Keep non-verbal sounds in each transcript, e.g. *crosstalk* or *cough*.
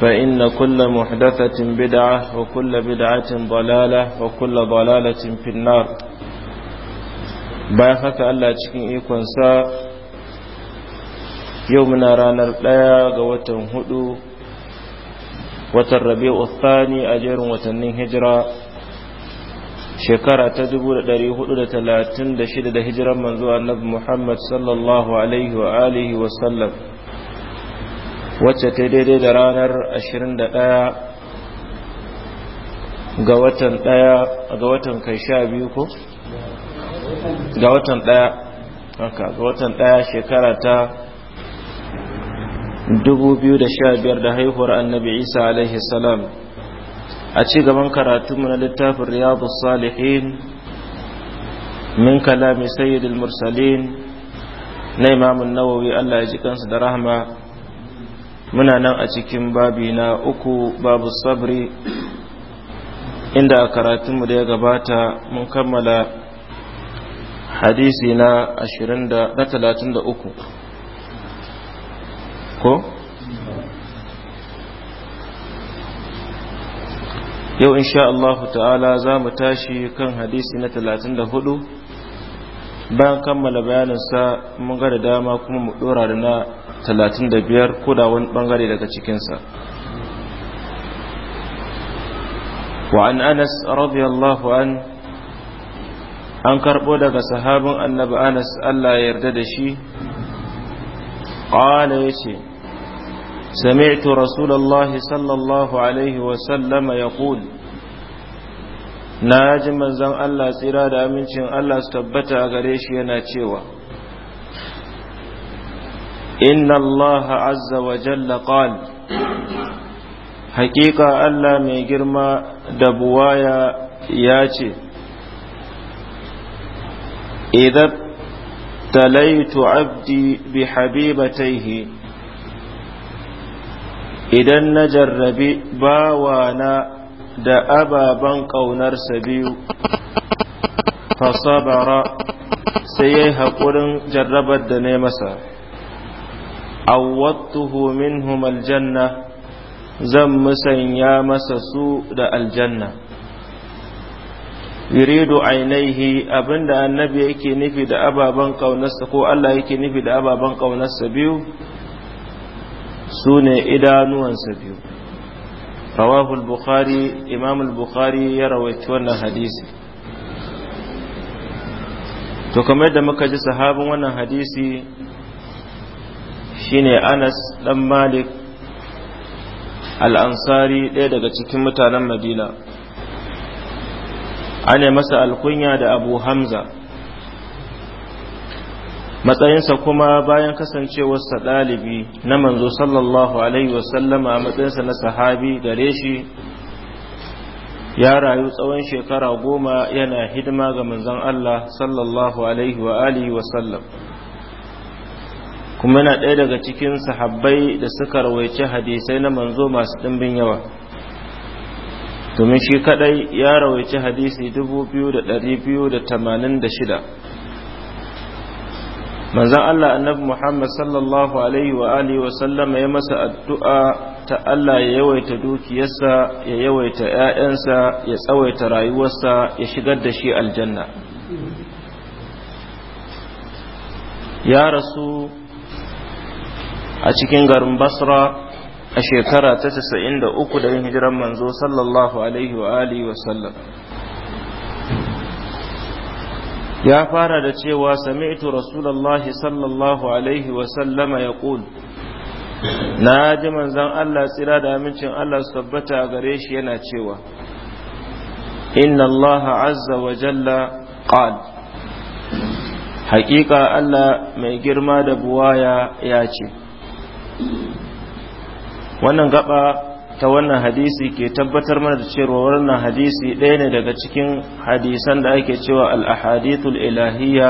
فإن كل محدثة بدعة وكل بدعة ضلالة وكل ضلالة في النار bayan haka Allah cikin ikonsa yau muna ranar ɗaya ga watan hudu watan rabi'u thani a jerin watannin hijira shekara ta 436 da hijiran manzo annabi Muhammad sallallahu alaihi wa alihi wa sallam wacce ta daidai da ranar 21 ga watan ɗaya ga watan kai sha biyu ko? ga watan ɗaya haka ga watan ɗaya shekara ta 2015 da haihuwar annabi isa alaihi salam a ci gaban karatu na littafin riyadu salihin min kalami sayyidul mursalin na imamun nawawi allah ya ji kansu da rahama. muna nan a cikin babi na uku babu sabri inda a karatunmu da ya gabata mun kammala hadisi na 33 ko? yau insha Allah ta'ala za mu tashi kan hadisi na 34 bayan kammala bayaninsa mun ga da dama kuma mu dora da na talatin da biyar ko da wani bangare daga cikinsa Wa'an Anas رضي an an karbo daga sahabin annabi anas allah ya yarda da shi ƙwala ya ce sami'tu rasulallah sallallahu alaihi wasallama ya ƙul na ji manzan allah tsira da amincin allah su tabbata a gare shi yana cewa إن الله عز وجل قال حقيقة ألا ميجرما دبوايا ياتي إذا ابتليت عبدي بحبيبتيه إذا نجربي باوانا da ababen ƙaunarsa biyu fasabara sai ya yi haƙurin jarrabar da ne masa awwattuhu minhum aljanna zan musanya masa su da aljanna yuridu ainihi abinda annabi yake nufi da ababen kaunarsa ko Allah yake nufi da ababen kaunarsa biyu su ne idanuwansa biyu rawahu bukhari imam bukhari ya rawaita wannan hadisi to kamar da muka ji sahabin wannan hadisi shine anas dan malik al-ansari ɗaya daga cikin mutanen madina ana masa alkunya da abu hamza matsayinsa kuma bayan kasancewarsa ɗalibi na manzo sallallahu alaihi wasallama a matsayinsa na sahabi gare shi ya rayu tsawon shekara goma yana hidima ga manzon Allah sallallahu alaihi wa alihi wasallam kuma yana ɗaya daga cikin sahabbai da suka rawaice hadisai na manzo masu ɗimbin yawa domin shi kaɗai ya rawaice hadisi 2286 manzan Allah annabi Muhammad sallallahu alaihi wa alihi wa sallama ya masa addu'a ta Allah ya yawaita dukiyarsa ya yawaita ‘ya'yansa ya tsawaita rayuwarsa ya shigar da shi aljanna ya rasu a cikin garin basra a shekara ta 93 da yin hijiran manzo sallallahu alaihi wa alihi wa sallam ya fara da cewa sami'tu rasulullahi sallallahu alaihi wa sallama ya yaqul na ji manzan Allah tsira da amincin Allah su tabbata a gare shi yana cewa inna Allah azza wa jalla qal haƙiƙa Allah mai girma da buwaya ya ce wannan gaba ta wannan hadisi ke tabbatar mana da cewa wannan hadisi ɗaya ne daga cikin hadisan da ake cewa al-ahadithul ilahiyya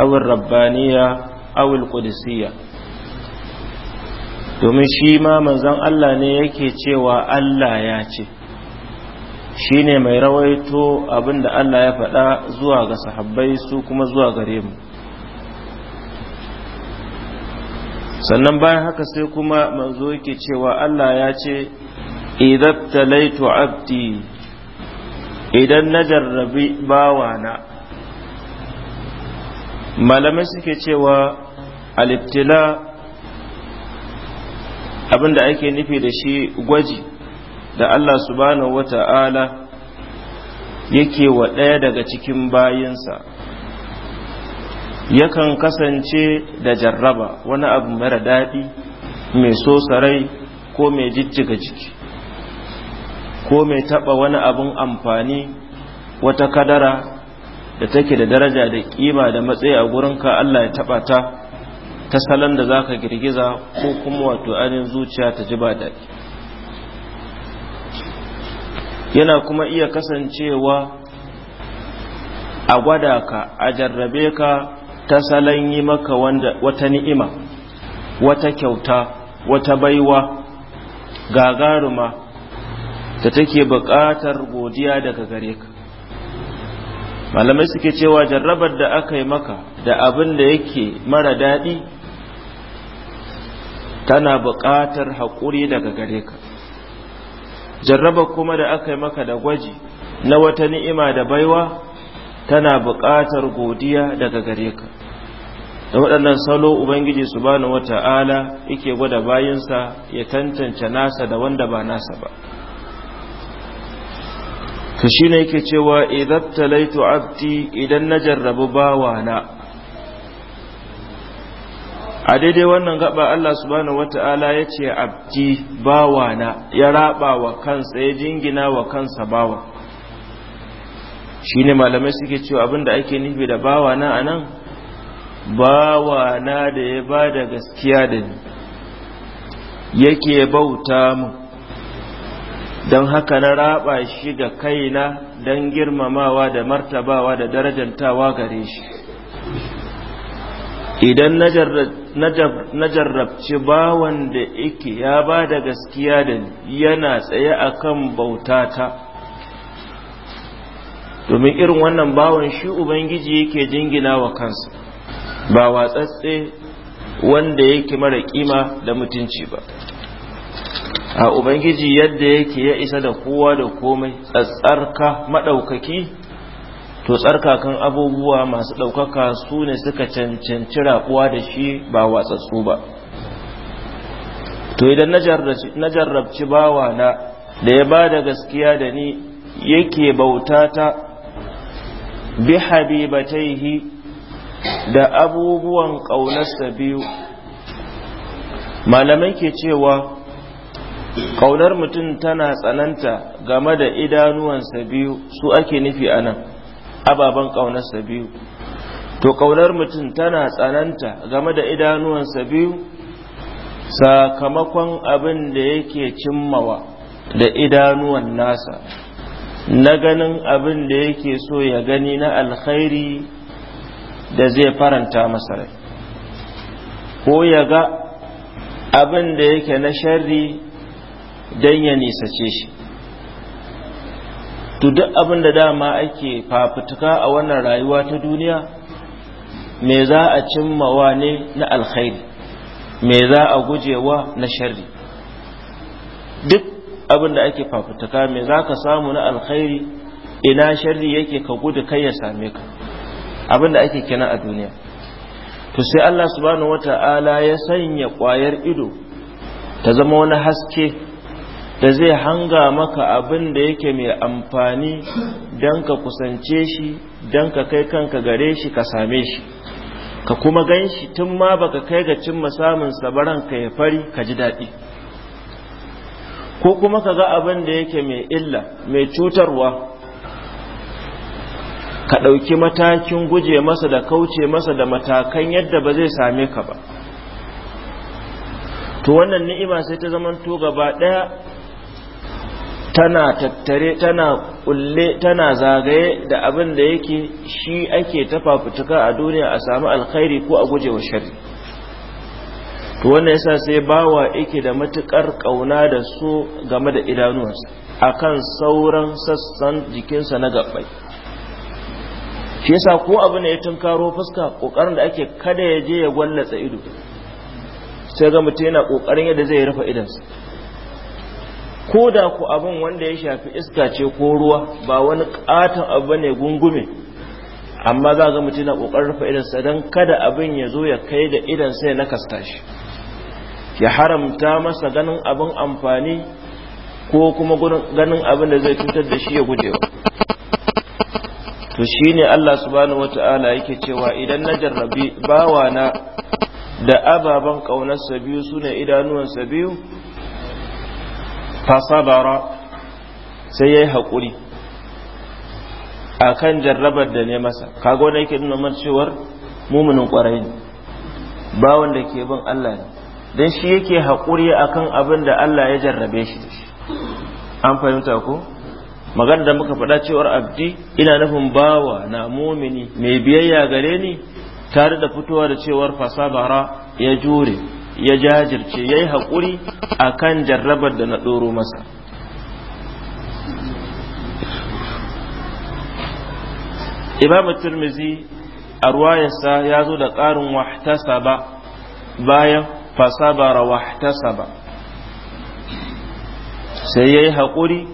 awil rabbaniyya awil qudusiyya domin shi ma manzon Allah ne yake cewa Allah ya ce shi ne mai rawaito abinda Allah ya faɗa zuwa ga sahabbai su kuma zuwa gare mu sannan bayan haka sai kuma manzo yake cewa Allah ya ce idan talaitu abdi idan na jarrabi bawana malamai suke cewa al-ibtila abinda ake nufi da shi gwaji da Allah subhanahu wata'ala yake wa ɗaya daga cikin bayinsa yakan kasance da jarraba wani abu mara daɗi mai so sarai ko mai jijjiga jiki ko mai taɓa wani abun amfani wata kadara da take da daraja da ƙima da matsayi a ka Allah ya taɓa ta ta salon da za ka girgiza ko kuma wato ainihin zuciya ta ji ba daɗi yana kuma iya kasancewa a gwada ka a jarrabe ka ta salon yi maka wata ni'ima wata kyauta wata baiwa gagaruma da take buƙatar godiya daga gare ka malamai suke cewa jarrabar da aka yi maka da abin da yake mara daɗi tana buƙatar haƙuri daga gare ka jarrabar kuma da aka yi maka da gwaji na wata ni'ima da baiwa tana buƙatar godiya daga gare ka da waɗannan salo ubangiji subhanahu wata'ala yake gwada bayinsa ya tantance nasa da wanda ba nasa ba to shine yake cewa idan talaitu abdi idan na jarrabu bawana a daidai wannan gaba Allah subhanahu wata'ala ya ce abdi bawana ya raba wa kansa ya jingina wa kansa bawa Shi ne malamai suke cewa abin da ake nufi da bawana na nan. bawa na da ya ba da gaskiya da ni yake bauta mu don haka na raba shi ga kaina don girmamawa da martabawa da darajantawa gare shi idan na jarrabci bawan da ike ya ba da gaskiya da yana tsaye a kan bautata domin irin wannan bawan shi ubangiji yake jingina wa kansa ba watsatse wanda yake mara kima da mutunci ba a ubangiji yadda yake ya isa da kowa da komai tsarka maɗaukaki to tsarkakan abubuwa masu ɗaukaka su ne suka cancanci raɓuwa da shi ba watsatsu ba to idan na jarrabci bawa na da ya ba da gaskiya da ni yake bauta ta bi habibataihi da abubuwan ƙaunarsa biyu malamai ke cewa ƙaunar mutum tana tsananta game da idanuwansa biyu su ake nufi a nan ababen ƙaunarsa biyu to ƙaunar mutum tana tsananta game da idanuwansa biyu sakamakon abin da yake cimmawa da idanuwan nasa na ganin abin da yake so ya gani na alkhairi da zai faranta masa rai ko ya ga abin da yake na sharri don ya nisace shi to duk abin da dama ake fafutuka a wannan rayuwa ta duniya me za a cimmawa ne na alkhairi me za a gujewa na sharri duk abin da ake fafutuka me za ka samu na alkhairi ina sharri yake ka gudu kai ya same ka abin da ake kina a duniya to sai Allah subhanahu wata'ala ya sanya ƙwayar ido ta zama wani haske da zai hanga maka abin da yake mai amfani don ka kusance shi don ka kai kanka gare shi ka same shi ka kuma gan shi tun ma baka kai ga cimma samun sabaran ka ya fari ka ji daɗi ko kuma ka ga abin da yake mai illa mai cutarwa ka ɗauki matakin guje masa da kauce masa da matakan yadda ba zai same ka ba to wannan ni'ima sai ta zamanto gaba ɗaya tana tattare tana kulle tana zagaye da abin da yake shi ake ta fafutuka a duniya a samu alkhairi ko a guje wa shari to wannan yasa sai bawa yake da matukar kauna da su game da idanuwansa akan sauran sassan jikinsa na gabbai shi yasa ko abu ne ya tunkaro fuska kokarin da ake kada ya je ya gwallatsa ido sai ga mutum yana kokarin yadda zai rufe idansa ko da ku abin wanda ya shafi iska ce ko ruwa ba wani katon abu ne gungume amma za ga mutum yana kokarin rufe idansa don kada abin ya zo ya kai ga idansa ya nakasta shi ya haramta masa ganin abin amfani ko kuma ganin abin da zai cutar da shi ya gujewa to shi ne Allah subhanahu ta'ala yake cewa idan na jarrabi bawana da ababen ƙaunarsa biyu su ne idanuwansa biyu fasabara sai ya yi haƙuri a kan jarrabar da ne masa kaga wanda yake nuna cewar muminin ƙwarai ne bawan da ke bin Allah ne don shi yake haƙuri akan abin da Allah ya jarrabe shi da shi an fahimta ko magana da muka faɗa cewar abdi ina nufin bawa na mumini mai biyayya gare ni tare da fitowa da cewar fasabara ya jure ya jajirce ya yi haƙuri a jarrabar da na ɗoro masa imam turmizi a ruwayarsa ya zo da ƙarin wahtasaba bayan fasabara ba. sai yayi haƙuri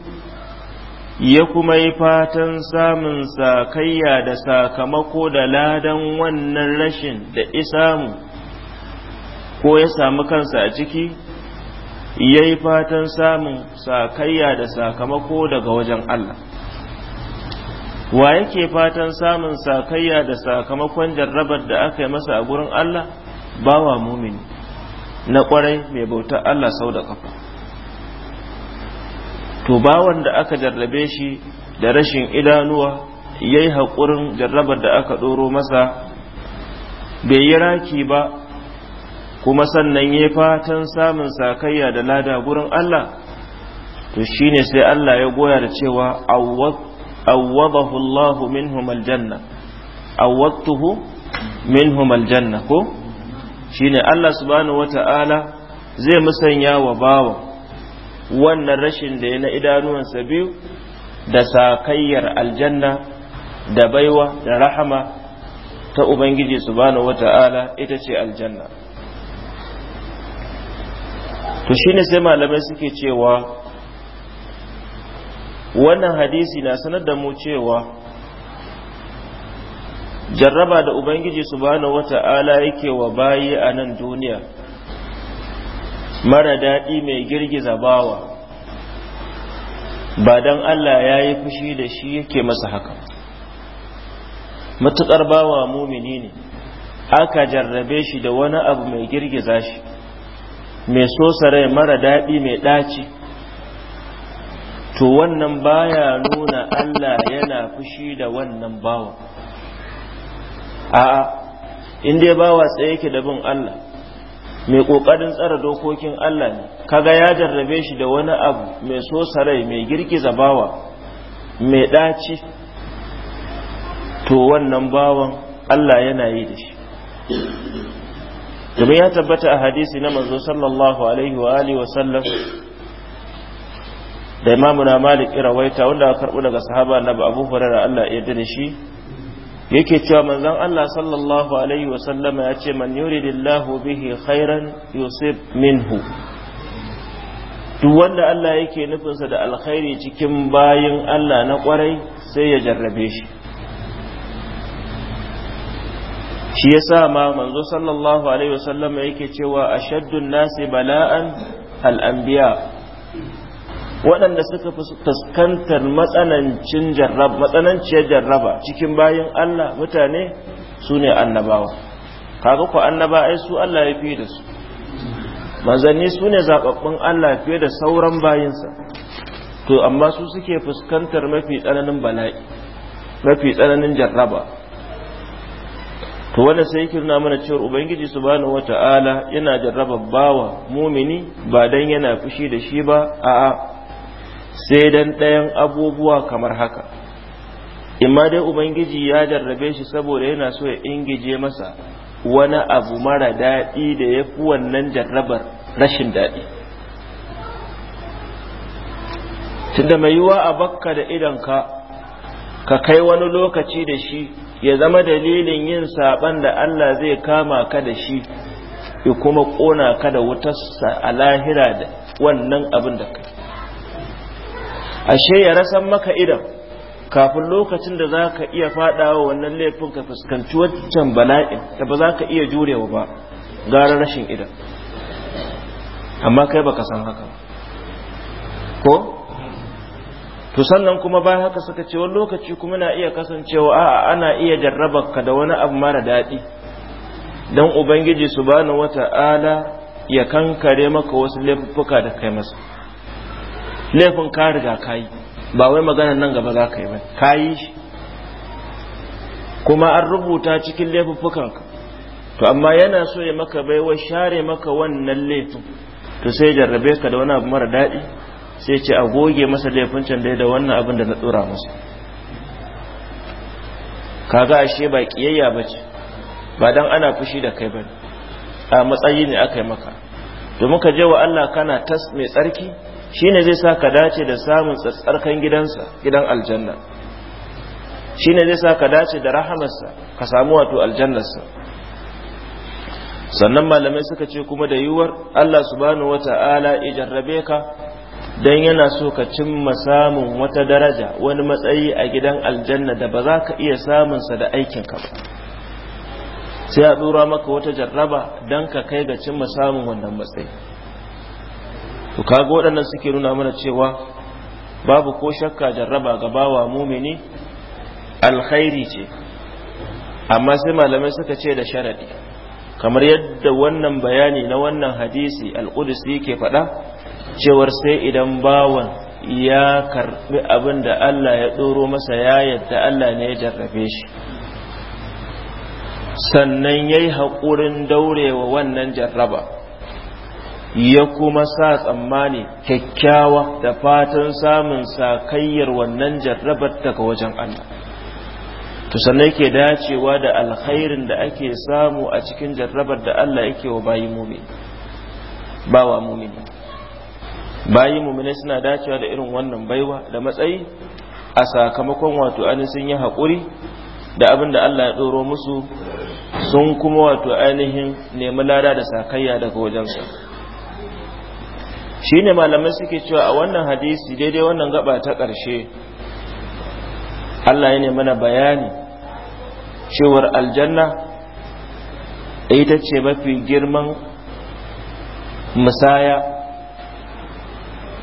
ya kuma yi fatan samun sakayya da sakamako da ladan wannan rashin da isamu ko ya samu kansa a ciki ya yi fatan samun sakayya da sakamako daga wajen Allah wa yake fatan samun sakayya da sakamakon jarrabar da aka yi masa a gurin Allah bawa mumini na kwarai mai bautar Allah sau da kafa to bawan da aka jarrabe shi da rashin idanuwa ya yi haƙurin jarrabar da aka ɗoro masa bai yi raki ba kuma sannan ya fatan samun sakayya da lada gurin Allah to shine sai Allah ya goya da cewa awwadahu Allahu minhum aljanna awwadtuhu minhum aljanna ko shine Allah subhanahu wata'ala zai musanya wa bawa wannan rashin da ya na idanuwansa biyu da sakayyar aljanna da baiwa da rahama ta ubangiji subhanahu wata'ala ita ce aljanna to shine sai malamai suke cewa wannan hadisi na sanar da mu cewa jarraba da ubangiji subhanahu wata'ala yake wa bayi a nan duniya mara daɗi mai girgiza bawa ba don Allah ya yi fushi da shi yake masa haka matuƙar bawa mumini ne aka jarrabe shi da wani abu mai girgiza shi mai sosarai mara daɗi mai ɗaci to wannan baya nuna Allah yana fushi da wannan bawa a'a in dai bawa tsaye yake da bin Allah mai kokarin tsara dokokin Allah ne kaga ya jarrabe shi da wani abu mai so sarai mai girgiza bawa mai ɗaci to wannan bawan Allah yana yi da shi domin ya tabbata a hadisi na manzo sallallahu alaihi wa alihi wa sallam da imamu na malik irawaita wanda aka karɓi daga sahaba annabi abu hurairah Allah ya da shi yake cewa manzon Allah sallallahu alaihi wa sallama ya ce man yuridillahu bihi khairan yusib minhu duk wanda Allah yake nufinsa da alkhairi cikin bayin Allah na kwarai sai ya jarrabe shi shi yasa ma manzo sallallahu alaihi wa sallama yake cewa ashaddun nasi bala'an al-anbiya waɗanda suka fi fuskantar matsanancin jarraba matsananciyar jarraba cikin bayin Allah mutane su ne annabawa kaga ku annaba ai su Allah ya fiye da su manzanni su ne zaɓaɓɓun Allah fiye da sauran bayinsa to amma su suke fuskantar mafi tsananin bala'i mafi tsananin jarraba to wanda sai yake mana cewar ubangiji subhanahu wata'ala yana jarraba bawa mumini ba dan yana fushi da shi ba a'a sai dan ɗayan abubuwa kamar haka imma dai ubangiji ya jarrabe shi saboda yana so ya ingije masa wani abu mara daɗi da ya fi wannan jarrabar rashin daɗi tunda mai yiwuwa a bakka da idanka ka kai wani lokaci da shi ya zama dalilin yin saɓan da Allah zai kama ka da shi ya kuma ƙona ka da wutarsa a lahira da wannan abin da kai ashe ya rasan maka idan kafin lokacin da za ka iya faɗawa wannan laifin ka fuskanci waccan bala'in da ba za ka iya jurewa ba gara rashin idan amma kai baka san haka ko to sannan kuma baya haka suka ce wani lokaci kuma na iya kasancewa a'a ana iya jarrabar ka da wani abu mara daɗi don ubangiji su bani wata ala ya kankare maka wasu laifuffuka da kai masa laifin ka riga ka yi ba wai maganar nan gaba za ka yi ba ka yi shi kuma an rubuta cikin laifuffukan ka. to amma yana so ya maka baiwa share maka wannan laifin to sai jarrabe ka da wani abu mara daɗi sai ce a goge masa laifin can da wannan abin da na tsura masa ga ashe ba kiyayya ba ce ba dan ana fushi da kai ba a matsayi ne aka yi maka to muka je wa Allah kana tas mai tsarki shine zai sa ka dace da samun tsarkan gidansa gidan aljanna shine zai sa ka dace da rahamarsa ka samu wato aljannarsa sannan malamai suka ce kuma da yiwuwar Allah subhanahu wata'ala ya jarrabe ka dan yana so ka cimma samun wata daraja wani matsayi a gidan aljanna da ba za ka iya samunsa da aikinka ba sai a dora maka wata jarraba dan ka kai ga cimma samun wannan matsayi to kaga waɗannan suke nuna mana cewa babu ko shakka jarraba ga bawa mumini alkhairi ce amma sai malamai suka ce da sharadi kamar yadda wannan bayani na wannan hadisi alƙudus yake faɗa cewar sai idan bawan ya karbi abin da Allah ya ɗoro masa ya yadda Allah ne ya jarrabe shi sannan ya yi haƙurin daurewa wannan jarraba ya kuma sa tsammani kyakkyawa da fatan samun sakayyar wannan jarrabar daga wajen Allah to sannan yake dacewa da alkhairin da ake samu a cikin jarrabar da Allah yake wa bayi mumin bawa mumin bayi mumine suna dacewa da irin wannan baiwa da matsayi a sakamakon wato sun yi haƙuri da abin da Allah ya ɗoro musu sun kuma wato ainihin nemi lada da sakayya daga wajensa Shi ne malamai suke cewa a wannan hadisi daidai wannan gaba ta ƙarshe Allah ya ne mana bayani cewar aljanna ita ce mafi girman musaya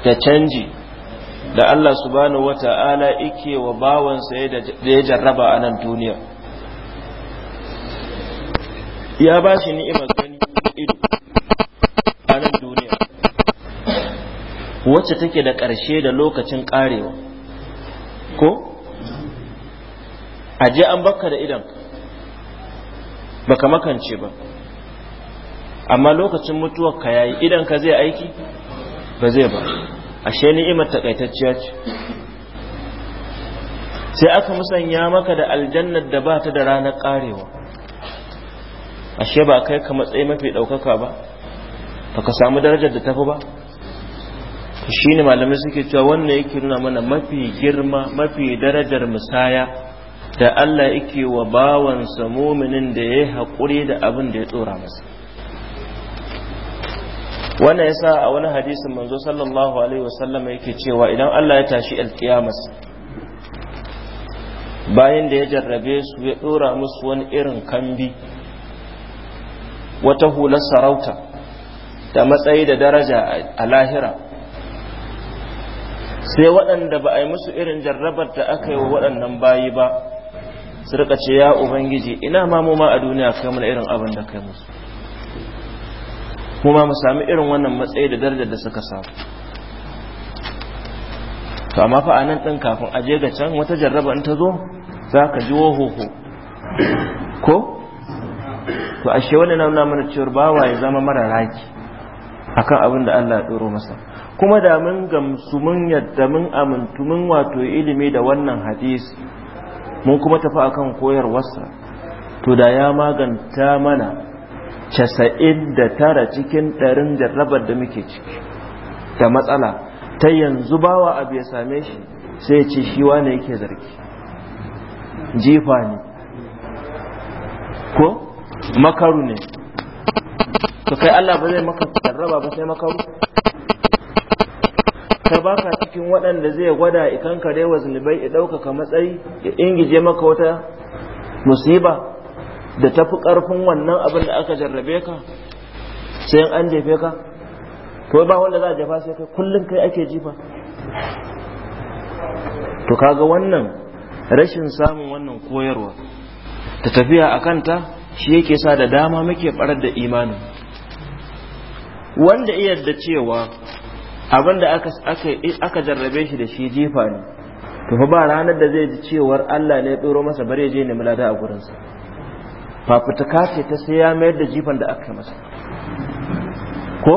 da canji da Allah su subhanahu wata'ala ike wa bawansa ya jarraba a nan duniya ya ba shi ni'imar gani ido wacce take da ƙarshe da lokacin ƙarewa ko aje an baka da idan baka makance ba amma lokacin mutuwa ka yayi idan ka zai aiki ba zai ba ashe ni'imar takaitacciya ce sai aka musanya maka da aljannar da ba ta da ranar karewa ashe ba kai ka matsayi mafi ɗaukaka ba ka samu darajar da tafi ba shi ne malamai suke cewa wannan yake nuna mana mafi girma mafi darajar musaya da Allah yake wa bawansa muminin da ya yi haƙuri da abin da ya tsora masa wannan yasa a wani hadisin manzo sallallahu alaihi wasallam yake cewa idan Allah ya tashi alkiyamas bayan da ya jarrabe su ya ɗora musu wani irin kambi wata hular sarauta da matsayi da daraja a lahira sai waɗanda ba a yi musu irin jarrabar da aka yi wa waɗannan bayi ba su rika ce ya ubangiji ina ma mu ma a duniya kai mana irin abin da kai musu kuma mu sami irin wannan matsayi da darajar da suka samu to amma fa anan din kafin aje ga can wata jarraba in ta zo za ka ji wohoho ko to ashe wannan nuna mana cewa bawa ya zama mara raki akan abin da Allah ya tsoro masa kuma da mun gamsu mun yadda mun amintu mun wato ilimi da wannan hadisi mun kuma tafi akan koyarwarsa to da ya maganta mana casa'in da tara cikin ɗarin jarrabar da muke ciki da matsala ta yanzu bawa abu ya same shi sai ce shi wane yake zargi jifa ne ko makaru ne to kai Allah ba zai maka jarraba ba sai makaru Ka ba ka cikin waɗanda zai gwada ikan kare wa zunubai ya ɗaukaka matsayi ya ingije maka wata musiba da tafi ƙarfin wannan abin da aka jarrabe ka sai an jefe ka to ba wanda za a jefa sai kai kullum kai ake jifa to kaga wannan rashin samun wannan koyarwa ta tafiya a kanta shi yake sa da dama muke farar da imanin wanda iya da cewa abin da aka jarrabe shi da shi jifa ne to fa ba ranar da zai ji cewar Allah ne ya tsoro masa bare je ne mulada a gurinsa fafutuka ce ta sai ya mayar da jifan da aka masa ko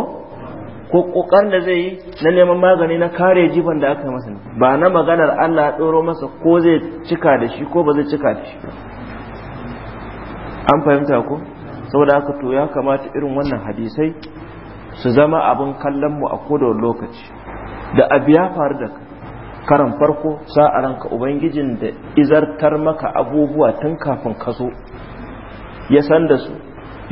ko kokar da zai yi na neman magani na kare jifan da aka masa ba na maganar Allah ya tsoro masa ko zai cika da shi ko ba zai cika da shi an fahimta ko saboda haka to ya kamata irin wannan hadisai su zama abin kallon mu a kodon lokaci da abu ya faru da karan farko a ranka ubangijin da izartar maka abubuwa tun kafin ka zo ya san da su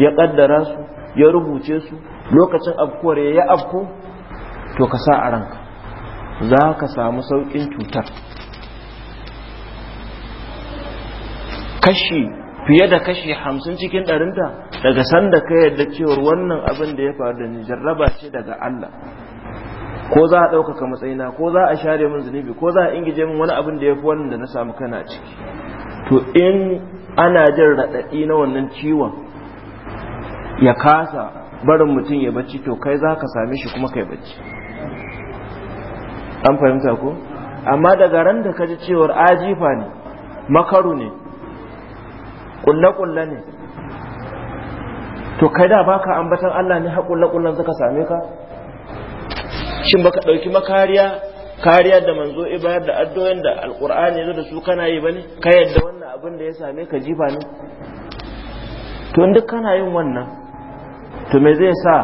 ya kaddara su ya rubuce su lokacin afkuwar ya afko to ka sa a ranka za ka samu sauƙin cutar kashi fiye da kashi hamsin cikin ɗarinta daga sanda ka yarda cewar wannan abin da ya faru da ni jarraba ce daga Allah ko za a ɗaukaka matsayina ko za a share min zunubi ko za a ingije min wani abin da ya fi wannan da na samu kana ciki to in ana jin raɗaɗi na wannan ciwon ya kasa barin mutum ya bacci to kai za ka same shi kuma kai bacci an fahimta ko amma daga ran da ka ji cewar ajifa ne makaru ne kulle-kulle ne to kai da baka ambatan Allah ne haƙulle-kullen suka same ka shin baka ɗauki makariya kariya da manzo ibayar da addu'o'in da alkur'ani ya da su kana yi bane ka yadda wannan abin da ya same ka jifa ne to duk kana yin wannan to me zai sa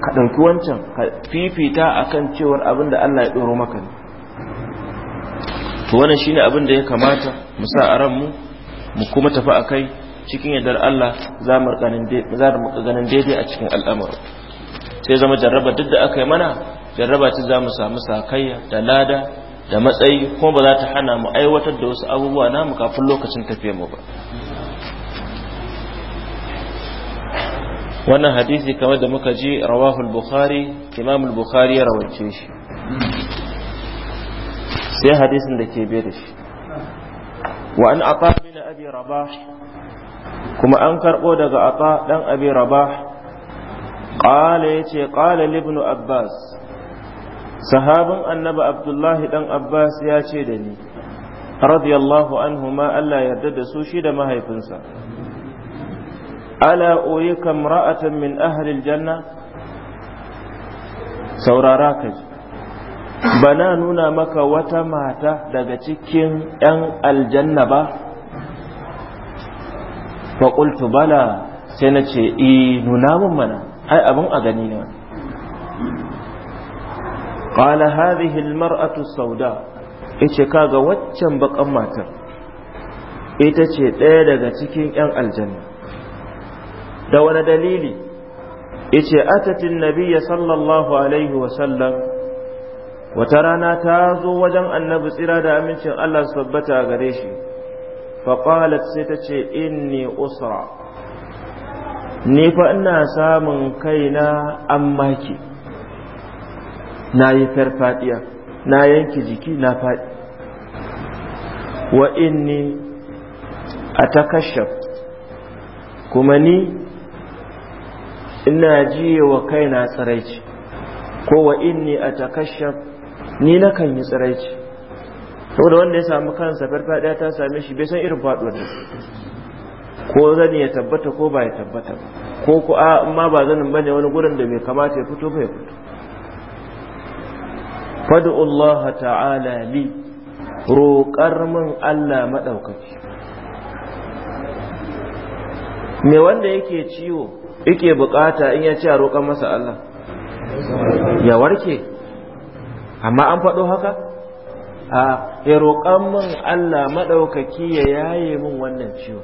ka ɗauki wancan ka fifita akan cewar abin da Allah ya ɗoro maka ne to wannan shine abin da ya kamata mu sa a ranmu mu kuma tafi a kai cikin yardar Allah za mu ganin daidai a cikin al'amur. sai zama jarraba duk da aka yi mana jarraba ce za mu samu sakayya da lada da matsayi kuma ba za ta hana mu aiwatar da wasu abubuwa na mu kafin lokacin tafiyar mu ba wannan hadisi kamar da muka ji rawahul bukhari al bukhari ya rawance shi sai hadisin da ke bai da shi wa an ata abi rabah kuma an karɓo daga ata dan abi rabah qala yace qala ibn abbas sahabin annabi abdullahi dan abbas ya ce da ni radiyallahu ma Allah yarda da su shida mahaifinsa ala urika imra'atan min ahli janna? saurara ka ji bana nuna maka wata mata daga cikin 'yan aljanna ba faƙultu bala sai na ce i e, nuna mun mana ai abin a gani ne wani ƙala hadhihi almar'atu sauda yace kaga waccan bakan matar ita ce ɗaya daga cikin 'yan aljanna da wani dalili Ice atatin nabiyya sallallahu alaihi wa wata rana ta zo wajen annabi tsira da amincin Allah su tabbata gare shi faƙalat sai ta ce inni usra ni fa ina samun kaina an maki na yi farfadiya na yanki jiki na faɗi wa inni a takashaf kuma ni ina jiye wa kaina tsaraici ko wa inni a takashaf ni na kan yi tsiraici saboda wanda ya samu kansa farfadiya ta same shi bai san irin faɗuwar da ko zan ya tabbata ko ba ya tabbata ba ko ku a amma ba zanin bane wani gurin da bai kamata ya fito ba ya fito fadu Allah ta'ala li roƙar min Allah madaukaki me wanda yake ciwo yake bukata in ya ci a roƙar masa Allah ya warke amma an faɗo haka a ya roƙon min Allah maɗaukaki ya yaye min wannan ciwo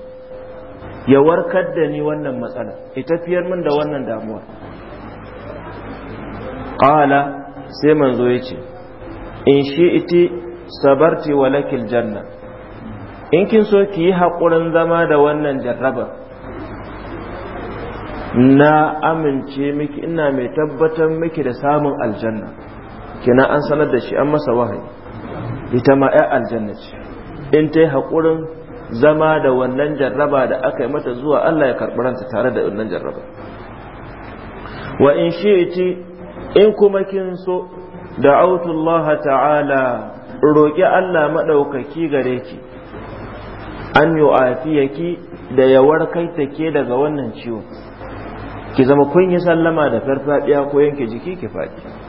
ya warkar da ni wannan matsala ya tafiyar min da wannan damuwa ƙala sai manzo ya ce in iti sabarti wa lakil janna in kin so ki yi haƙurin zama da wannan jarrabar na amince miki ina mai tabbatar miki da samun aljanna kina an sanar da shi an masa wahayi ita ma ya aljanna ce in ta yi haƙurin zama da wannan jarraba da aka yi mata zuwa Allah ya karɓi ranta tare da wannan jarraba wa in shi'ti in kuma kin so da'awtu Allah ta'ala roƙi Allah maɗaukaki gare ki an ki da ya warkai ke daga wannan ciwo ki zama kun yi sallama da farfadiya ko yanke jiki ki faɗi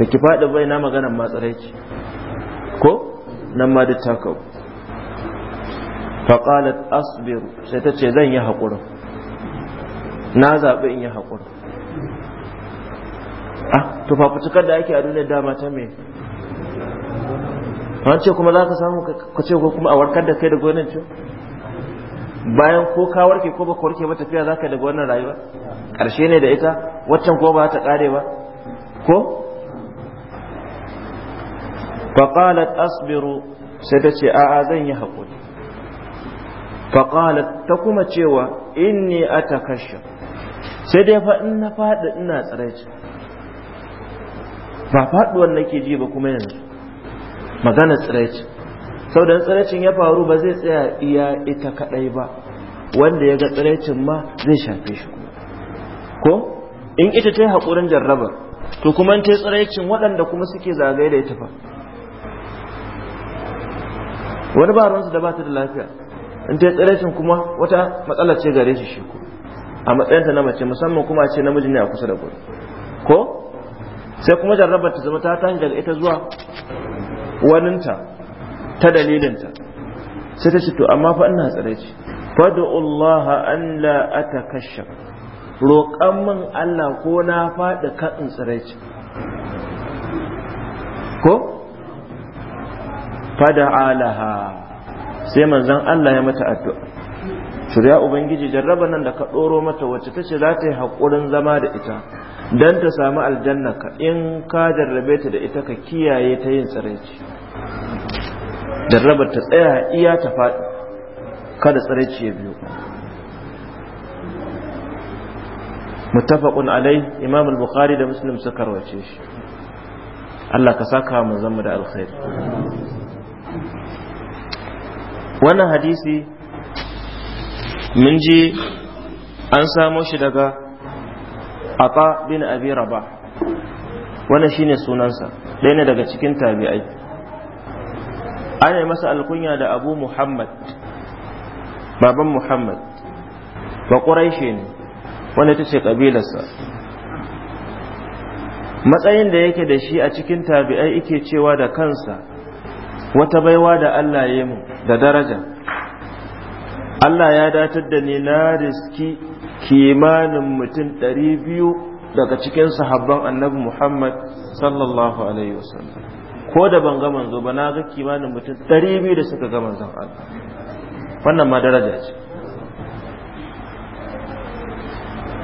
ka ki faɗi bai na maganan matsarai ki ko nan ma duk ta kawo faƙalat asbiru sai ta ce zan yi haƙuri na zaɓi in yi haƙuri ah to fafutukar da ake a duniyar dama ta me an ce kuma za ka samu ka ce ko kuma a warkar da kai da gonan ce bayan ko ka warke ko baka warke ba tafiya za zaka daga wannan rayuwa ƙarshe ne da ita waccan ko ba ta ƙare ba ko faƙalat asbiru sai ta ce a'a zan yi haƙuri faƙalat ta kuma cewa inni ata kashe sai dai fa in na faɗi ina tsiraici ba faɗuwar nake ji ba kuma yanzu magana tsiraici saboda tsiraicin ya faru ba zai tsaya iya ita kaɗai ba wanda ya ga tsiraicin ma zai shafe shi ko in ita ta yi haƙurin jarrabar to kuma ta yi tsiraicin waɗanda kuma suke zagaye da ita fa wani ba ruwansu da ba ta da lafiya in ta tsirashin kuma wata matsala ce gare shi shi a matsayinta na mace musamman kuma ce namiji ne a kusa da gudu ko sai kuma jarrabar ta zama ta ta ita zuwa waninta ta dalilinta sai ta ce to amma fa ina tsare ce Allah an la kashe roƙan min Allah ko na faɗi ka in tsare ce ko fada'a laha sai manzon Allah ya mata addu'a shirya ubangiji jarraba nan da ka ɗoro mata wacce tace za ta yi haƙurin zama da ita dan ta samu aljanna ka in ka jarrabe ta da ita ka kiyaye ta yin tsiraici jarrabar ta tsaya iya ta faɗi kada tsiraici ya biyo muttafaqun alai imam al-bukhari da muslim suka rawace shi Allah ka saka mu zama da alkhairi wannan hadisi mun ji an samo shi daga ata bin abi raba wannan shine sunansa ɗaya ne daga cikin tabi'ai ana masa alkunya da abu muhammad baban muhammad ba ƙuraishe ne wanda ta ce ƙabilarsa matsayin da yake da shi a cikin tabi'ai ike cewa da kansa wata baiwa da Allah ya mu da daraja Allah ya datar da ni na riski kimanin mutum ɗari biyu daga cikin sahabban annabi Muhammad sallallahu alaihi wasallam ko da ban ga zo ba na ga kimanin mutum ɗari biyu da suka ga zan Allah wannan ma daraja ce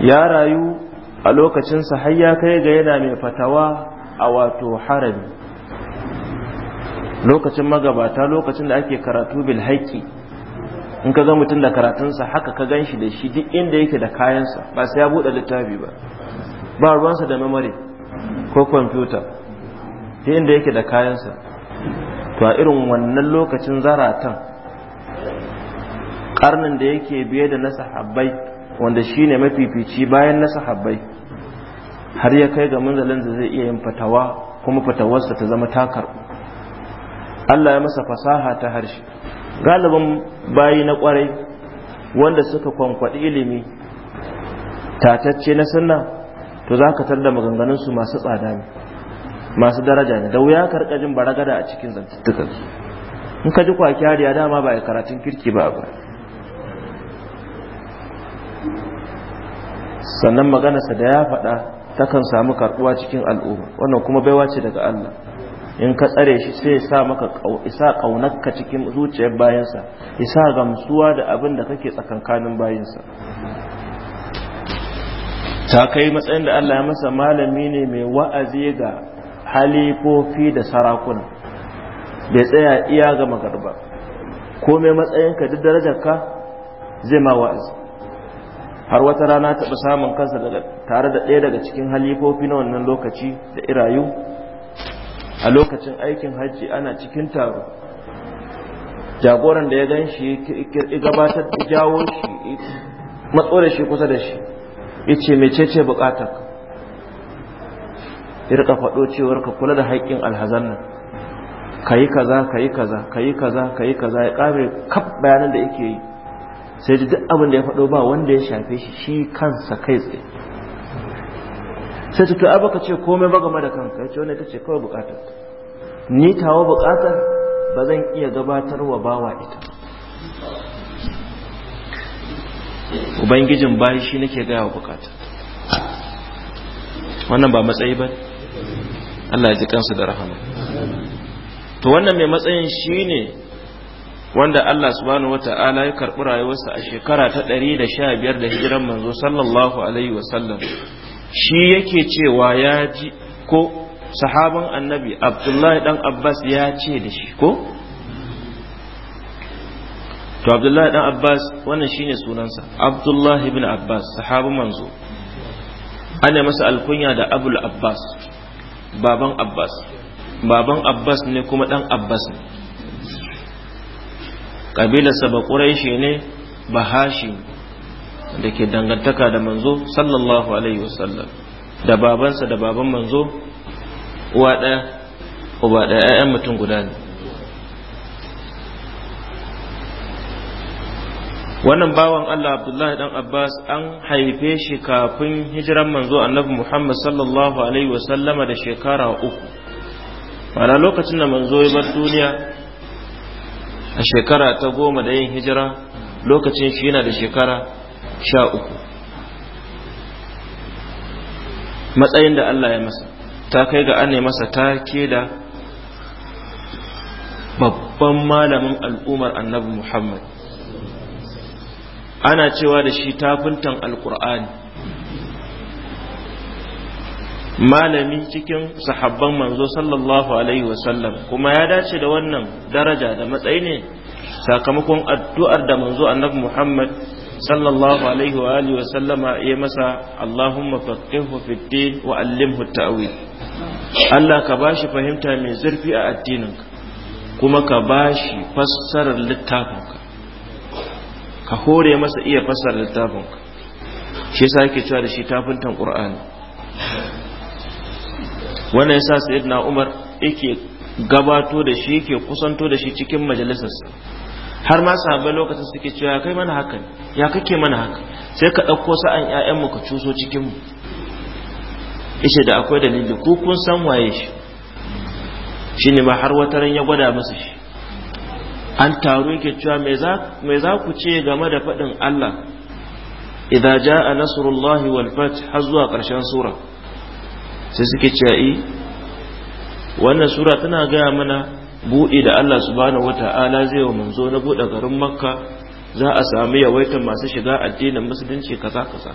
ya rayu a lokacinsa sa har ya kai ga yana mai fatawa a wato harami lokacin magabata lokacin da ake karatu bil haƙƙi in ka ga mutum da karatunsa haka ka gan shi da shi duk inda yake da kayansa ba sai ya buɗe littafi ba ba ruwansa da memory ko kwamfuta duk inda yake da kayansa to a irin wannan lokacin zaratan karnin da yake biye da na sahabbai wanda shine ne mafifici bayan na sahabbai har ya kai ga manzalin da zai iya yin fatawa kuma fatawarsa ta zama takar? Allah ya masa fasaha ta harshe galibin bayi na kwarai wanda suka kwankwaɗi ilimi tatacce na sunna to za ka tarda maganganunsu masu tsada ne masu daraja ne da wuya rika jin baragada a cikin zantuttukan in ka ji kwakiyariya dama ba a karatun kirki ba ba sannan maganarsa da ya faɗa takan samu karɓuwa cikin al'umma wannan kuma baiwa ce daga Allah in ka tsare shi sai ya sa maka isa kaunarka cikin zuciyar bayansa isa gamsuwa da abin da kake tsakankanin bayansa ta kai matsayin da Allah ya masa malami ne mai wa'azi ga halifofi da sarakuna bai tsaya iya ga magarba ko mai matsayinka duk darajarka zai ma wa'azi har wata rana taɓa samun kansa tare da ɗaya daga cikin halifofi na wannan lokaci da irayu a lokacin aikin hajji ana cikin taro jagoran da ya gan shi ya gabatar da jawo shi matso da shi kusa da shi ya ce mecece bukatar ya rika faɗo cewar ka kula da haƙƙin alhazan nan ka yi kaza ka yi kaza ka yi kaza ka yi kaza ya ƙare kaf bayanan da yake yi sai ji duk abin da ya faɗo ba wanda ya shafe shi shi kansa kai tsaye sai ta to ai baka ce komai ba game da kanka ya ce wani ita ce kawai bukatar ni tawo bukatar ba zan iya gabatar wa bawa ita ubangijin bayi shi nake gaya wa bukata wannan ba matsayi ba Allah ya ji kansu da rahama to wannan mai matsayin shi ne wanda Allah subhanahu ta'ala ya karɓi rayuwarsa a shekara ta ɗari da sha biyar da hijiran manzo sallallahu alaihi wa sallam. shi yake cewa ya ji ko sahaban annabi abdullahi dan abbas ya ce da shi ko to abdullahi dan abbas wannan shine sunansa abdullahi ibn abbas sahaban manzo ana masa alkunya da abul abbas baban abbas baban abbas ne kuma dan abbas ne kabilarsa ba shi ne ba hashi da ke dangantaka da manzo sallallahu alaihi wasallam da babansa da baban manzo uwa ɗaya uba ɗaya 'ya'yan mutum guda ne wannan bawan Allah Abdullahi dan Abbas an haife shi kafin hijiran manzo annabi Muhammad sallallahu alaihi wasallama da shekara uku mana lokacin da manzo ya bar duniya a shekara ta goma da yin hijira lokacin shi yana da shekara sha uku matsayin da Allah ya masa ta kai ga an masa take da babban malamin al'ummar annabi Muhammad ana cewa da shi tafintan alkur'ani malami cikin sahabban manzo sallallahu alaihi wasallam kuma ya dace da wannan daraja da matsayi ne sakamakon addu'ar da manzo annabi Muhammad sallallahu alaihi wa alihi wa sallama ya masa Allahumma faqihhu fid din wa allimhu ta'wil Allah ka bashi fahimta mai zurfi a addininka kuma ka bashi fassarar littafinka ka hore masa iya fassarar littafinka shi yasa yake cewa da shi tafintan Qur'ani wannan yasa sayyidina Umar yake gabato da shi yake kusanto da shi cikin majalisarsa har ma sahabbai lokacin suke cewa ya kai mana haka ya kake mana haka sai ka ɗauko sa'an ƴaƴan mu ka cuso cikin mu ishe da akwai dalili ku kun san waye shi shine ma har wata ran ya gwada musu shi an taro yake cewa me za ku ce game da faɗin Allah idza jaa nasrullahi wal fath har zuwa ƙarshen sura sai suke cewa eh, wannan sura tana gaya mana buɗe da Allah subhanahu wata'ala zai wa manzo na buɗe garin makka za a sami yawaitar masu shiga addinin musulunci kaza kaza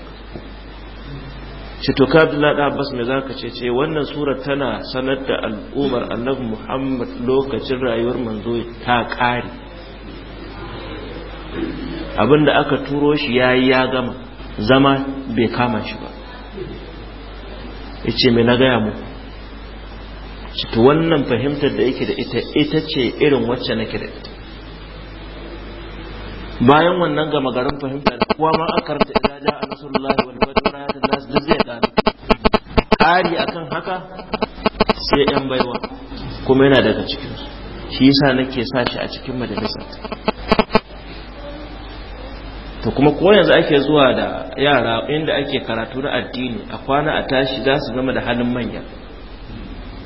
ce to na da abbas mai zaka ce ce wannan surar tana sanar da al'ummar annabi muhammad lokacin rayuwar manzo ta ƙare abinda aka turo shi ya yi ya gama zama bai kama shi ba ce mai na gaya mu? to wannan fahimtar da yake da ita ita ce irin wacce nake da ita bayan wannan gama garin fahimtar da kowa ma aka karanta ila da a nasarullah wal fatu rayatun nas duk zai gano ƙari akan haka sai yan baiwa kuma yana daga cikin shi yasa nake sa shi a cikin majalisa to kuma ko yanzu ake zuwa da yara inda ake karatu na addini a kwana a tashi za su zama da halin manya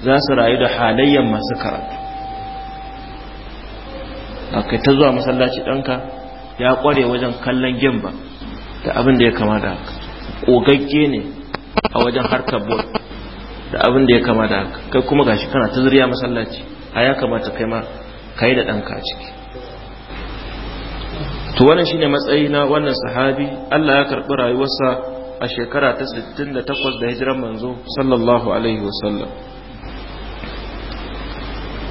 za su rayu da halayyar masu karatu a kai ta zuwa masallaci ɗanka ya ƙware wajen kallon gimba da abin da ya kama da haka ƙogagge ne a wajen harkar bol da abin da ya kama da haka kai kuma gashi kana ta zuriya masallaci a ya kamata kai ma ka yi da ɗanka a ciki to wannan shine matsayi na wannan sahabi Allah ya karɓi rayuwarsa a shekara ta 68 da hijiran manzo sallallahu alaihi wasallam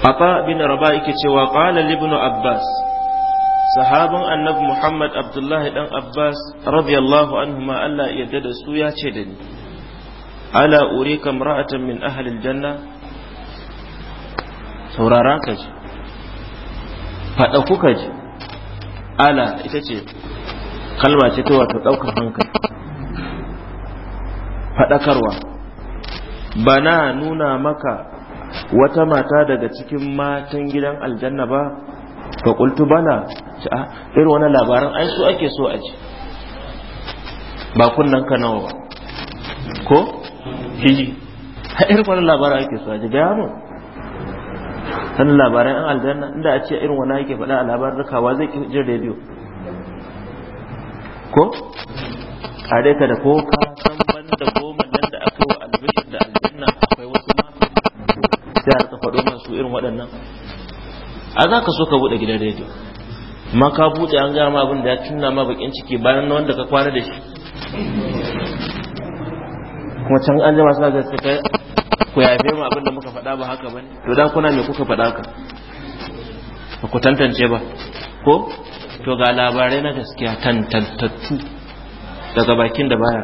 Ata bin Raba yake cewa qala ibn Abbas sahabin annabi Muhammad Abdullahi dan Abbas radiyallahu anhuma Allah yadda da su ya ce da ni ala urika imra'atan min ahli aljanna saurara ka ji fada kuka ji ala ita ce kalma ce ta wato daukar hankali fadakarwa bana nuna maka wata mata daga cikin matan gidan aljanna ba ka kultu bala ah, irin wani labaran ai su ake so a ji ba kunnan ka nawa ba ko hiji irin wani labaran ake so a ji gaya mu san labaran an aljanna inda a ce irin wani ake faɗa a labarin rikawa zai ki jin rediyo ko a dai ka da ko ka san banda ko waɗannan a za ka so ka buɗe gidan rediyo ma ka buɗe an gama abin da ya tunna ma bakin ciki bayan na wanda ka kwana da shi kuma can an jama suna zai kai ku yafe mu abin da muka faɗa ba haka ba ne to da kuna me kuka faɗa ka ba ku tantance ba ko to ga labarai na gaskiya tantantattu daga bakin da baya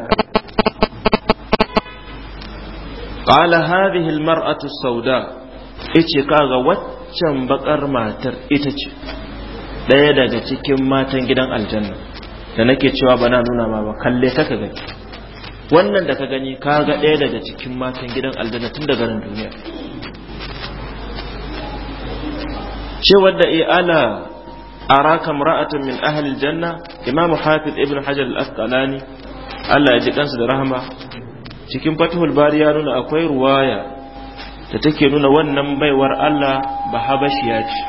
قال هذه المرأة السوداء ice kaga waccan bakar matar ita ce ɗaya daga cikin matan gidan aljanna da nake cewa bana nuna ma ba kalle ta ka gani wannan da ka gani kaga ɗaya daga cikin matan gidan aljanna tun da garin duniya ce wadda eh, ala raka mar'atan min ahalin janna. imamu hafiz ibn hajar al-asqalani Allah ya ji kansa da rahama cikin fatihul bari ya nuna akwai ruwaya da take nuna wannan baiwar Allah ba habashiya ce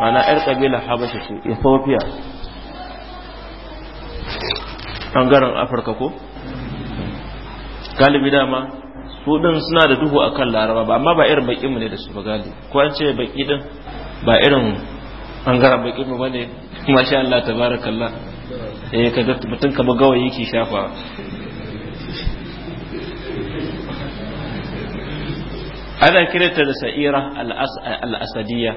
mana yar kabila habasha ce ethiopia bangaren afirka ko galibi dama su din suna da duhu akan laraba ba amma ba irin baki mu ne da su ba gali ko an ce baki din ba irin bangaren baki mu bane *laughs* masha Allah tabarakallah eh kaga mutum kamar gawayi yake shafa ana kiranta da sa'ira al'asadiya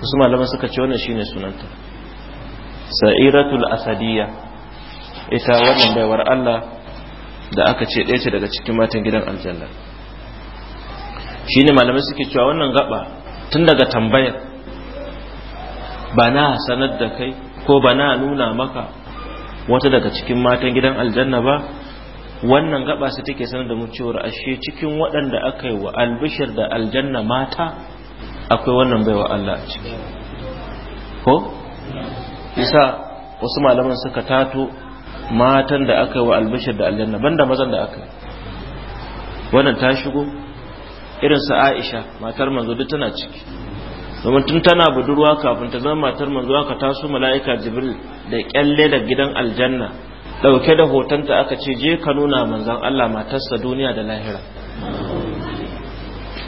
wasu malaman suka ce wannan shine sunanta sa'iratul asadiya ita wannan baiwar Allah da aka ce ɗaya ce daga cikin matan gidan aljanna shine malamai suke cewa wannan gaba tun daga tambayar ba na sanar da kai ko ba na nuna maka wata daga cikin matan gidan aljanna ba wannan gaba su take sanar da mu cewar ashe cikin waɗanda aka yi wa albishir da aljanna mata akwai wannan baiwa Allah a ciki ko isa wasu malaman suka tato matan da aka yi wa albishir da aljanna banda mazan da aka yi wannan ta shigo irin su Aisha matar manzo duk tana ciki domin tun tana budurwa kafin ta zama matar manzo aka taso mala'ika Jibril da kyalle da gidan aljanna Dauke da hotonta aka ce je ka nuna manzan Allah matarsa duniya da lahira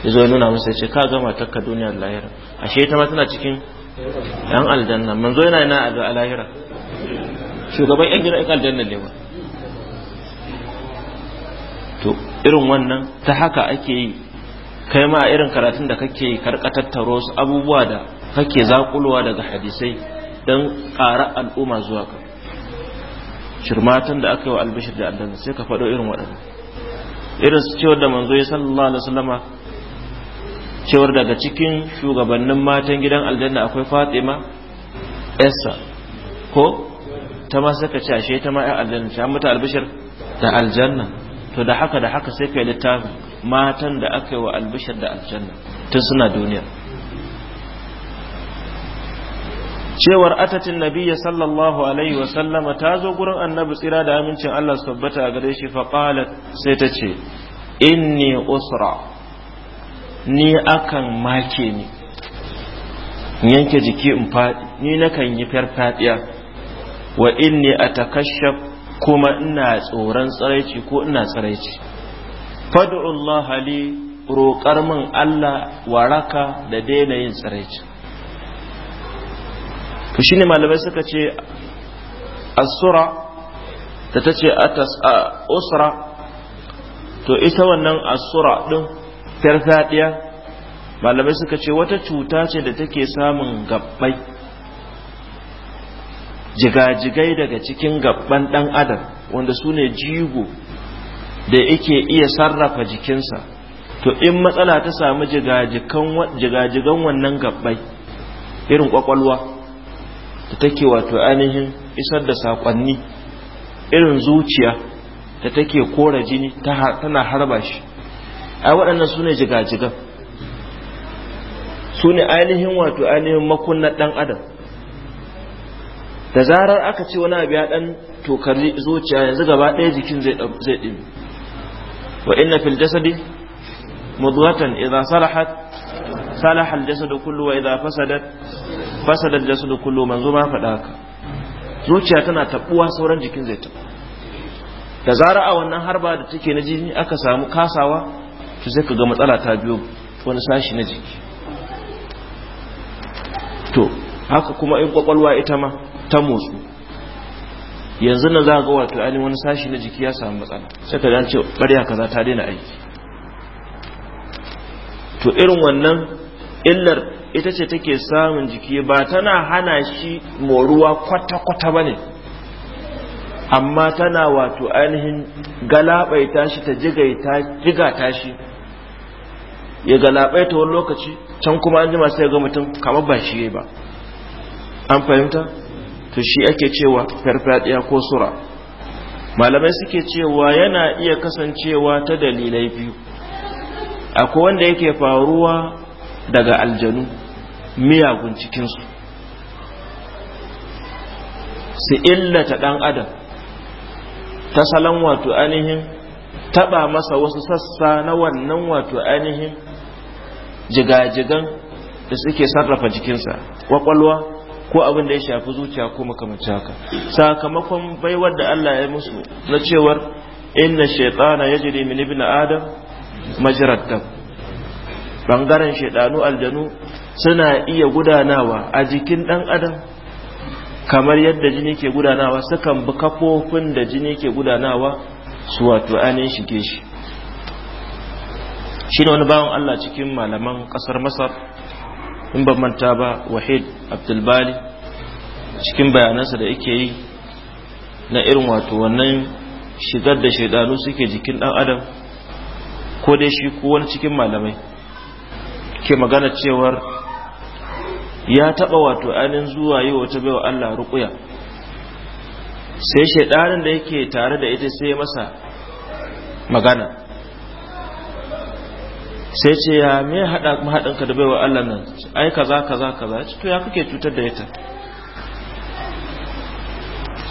ya zo nuna masa ce ka ga matarka duniya da lahira ashe ta ma tana cikin yan aljanna manzo yana yana a lahira shugaban yan gidan aljanna ne ba to irin wannan ta haka ake yi kai ma irin karatun da kake karka tattaro su abubuwa da kake zakulowa daga hadisai don ƙara al'umma zuwa ka shirmatan da aka yi wa albishir da annabi sai ka faɗo irin waɗannan irin su cewar da manzo ya sallallahu alaihi wasallama cewar daga cikin shugabannin matan gidan aljanna akwai fatima essa ko ta ma saka ce ashe ta ma ya aljanna ta mata albishir da aljanna to da haka da haka sai kai littafin matan da aka yi wa albishir da aljanna tun suna duniya cewar atatin nabiyya sallallahu alaihi wa sallama ta zo gurin annabi tsira da amincin Allah su tabbata a gare shi fa qalat sai ta ce inni usra ni akan make ni yanke jiki in faɗi ni nakan yi farfadiya wa inni atakashaf kuma ina tsoron tsaraici ko ina tsaraici fad'u Allah li roƙar min Allah waraka da daina yin tsaraici to shine malamai suka ce asura da ta ce usra to ita wannan asura din farfadiya malamai suka ce wata cuta ce da take samun gabbai jigajigai daga cikin gabban ɗan adam wanda su ne jigo da yake iya sarrafa jikinsa to in matsala ta samu jigajigan wannan gabbai irin kwakwalwa da take wato ainihin isar da sakonni irin zuciya da take kora jini tana harba shi ai waɗannan su ne jigajigan su ne ainihin wato ainihin makunnan ɗan adam da zarar aka ce wani abu ya ɗan tokari zuciya yanzu gaba ɗaya jikin zai ɗimi wa inna fil jasadi mudghatan idza salahat salaha al-jasadu kullu wa idza fasadat fasada al-jasadu kullu manzo ma faɗa zuciya tana tabuwa sauran jikin zai tabu da zara a wannan harba da take na jini aka samu kasawa to sai kaga matsala ta biyo wani sashi na jiki to haka kuma in kwakwalwa ita ma ta motsu yanzu nan za ga wato ainihin wani sashi na jiki ya samu matsala sai ka ce ɓarya kaza ta daina aiki to irin wannan illar ita ce take samun jiki ba tana hana shi moruwa kwata-kwata ba ne amma tana wato ainihin galabaita shi ta jigata shi ya galabaita wani lokaci can kuma an ji masu ga mutum kamar ba shi ba an fahimta to shi ake cewa farfadiya ko sura malamai suke cewa yana iya kasancewa ta dalilai biyu akwai wanda yake faruwa daga aljanu miyagun cikinsu su illata ɗan adam ta salon wato ainihin taɓa masa wasu sassa na wannan wato ainihin jigajigan da suke sarrafa jikinsa Ƙwaƙwalwa ko abin da ya shafi zuciya ko makamacin haka sakamakon baiwar da Allah ya musu na cewar inna shaitana yajri min bin adam majirar ɓangaren bangaren shaidanu aljanu suna iya gudanawa a jikin dan adam kamar yadda jini ke gudanawa sukan bi kafofin da jini ke gudanawa su wato ainihin shige shi shi ne wani bawan Allah cikin malaman ƙasar masar in ban manta ba wahid abdulbali cikin bayanansa da yake yi na irin wato wannan shigar da shaidanu suke jikin ɗan adam ko dai shi ko wani cikin malamai ke magana cewar ya taba wato ainihin zuwa yi wata baiwa Allah rukuya sai shaidanin da yake tare da ita sai masa magana sai ce ya me haɗa mahaɗinka da baiwa Allah nan ai kaza kaza kaza to ya kake cutar da ita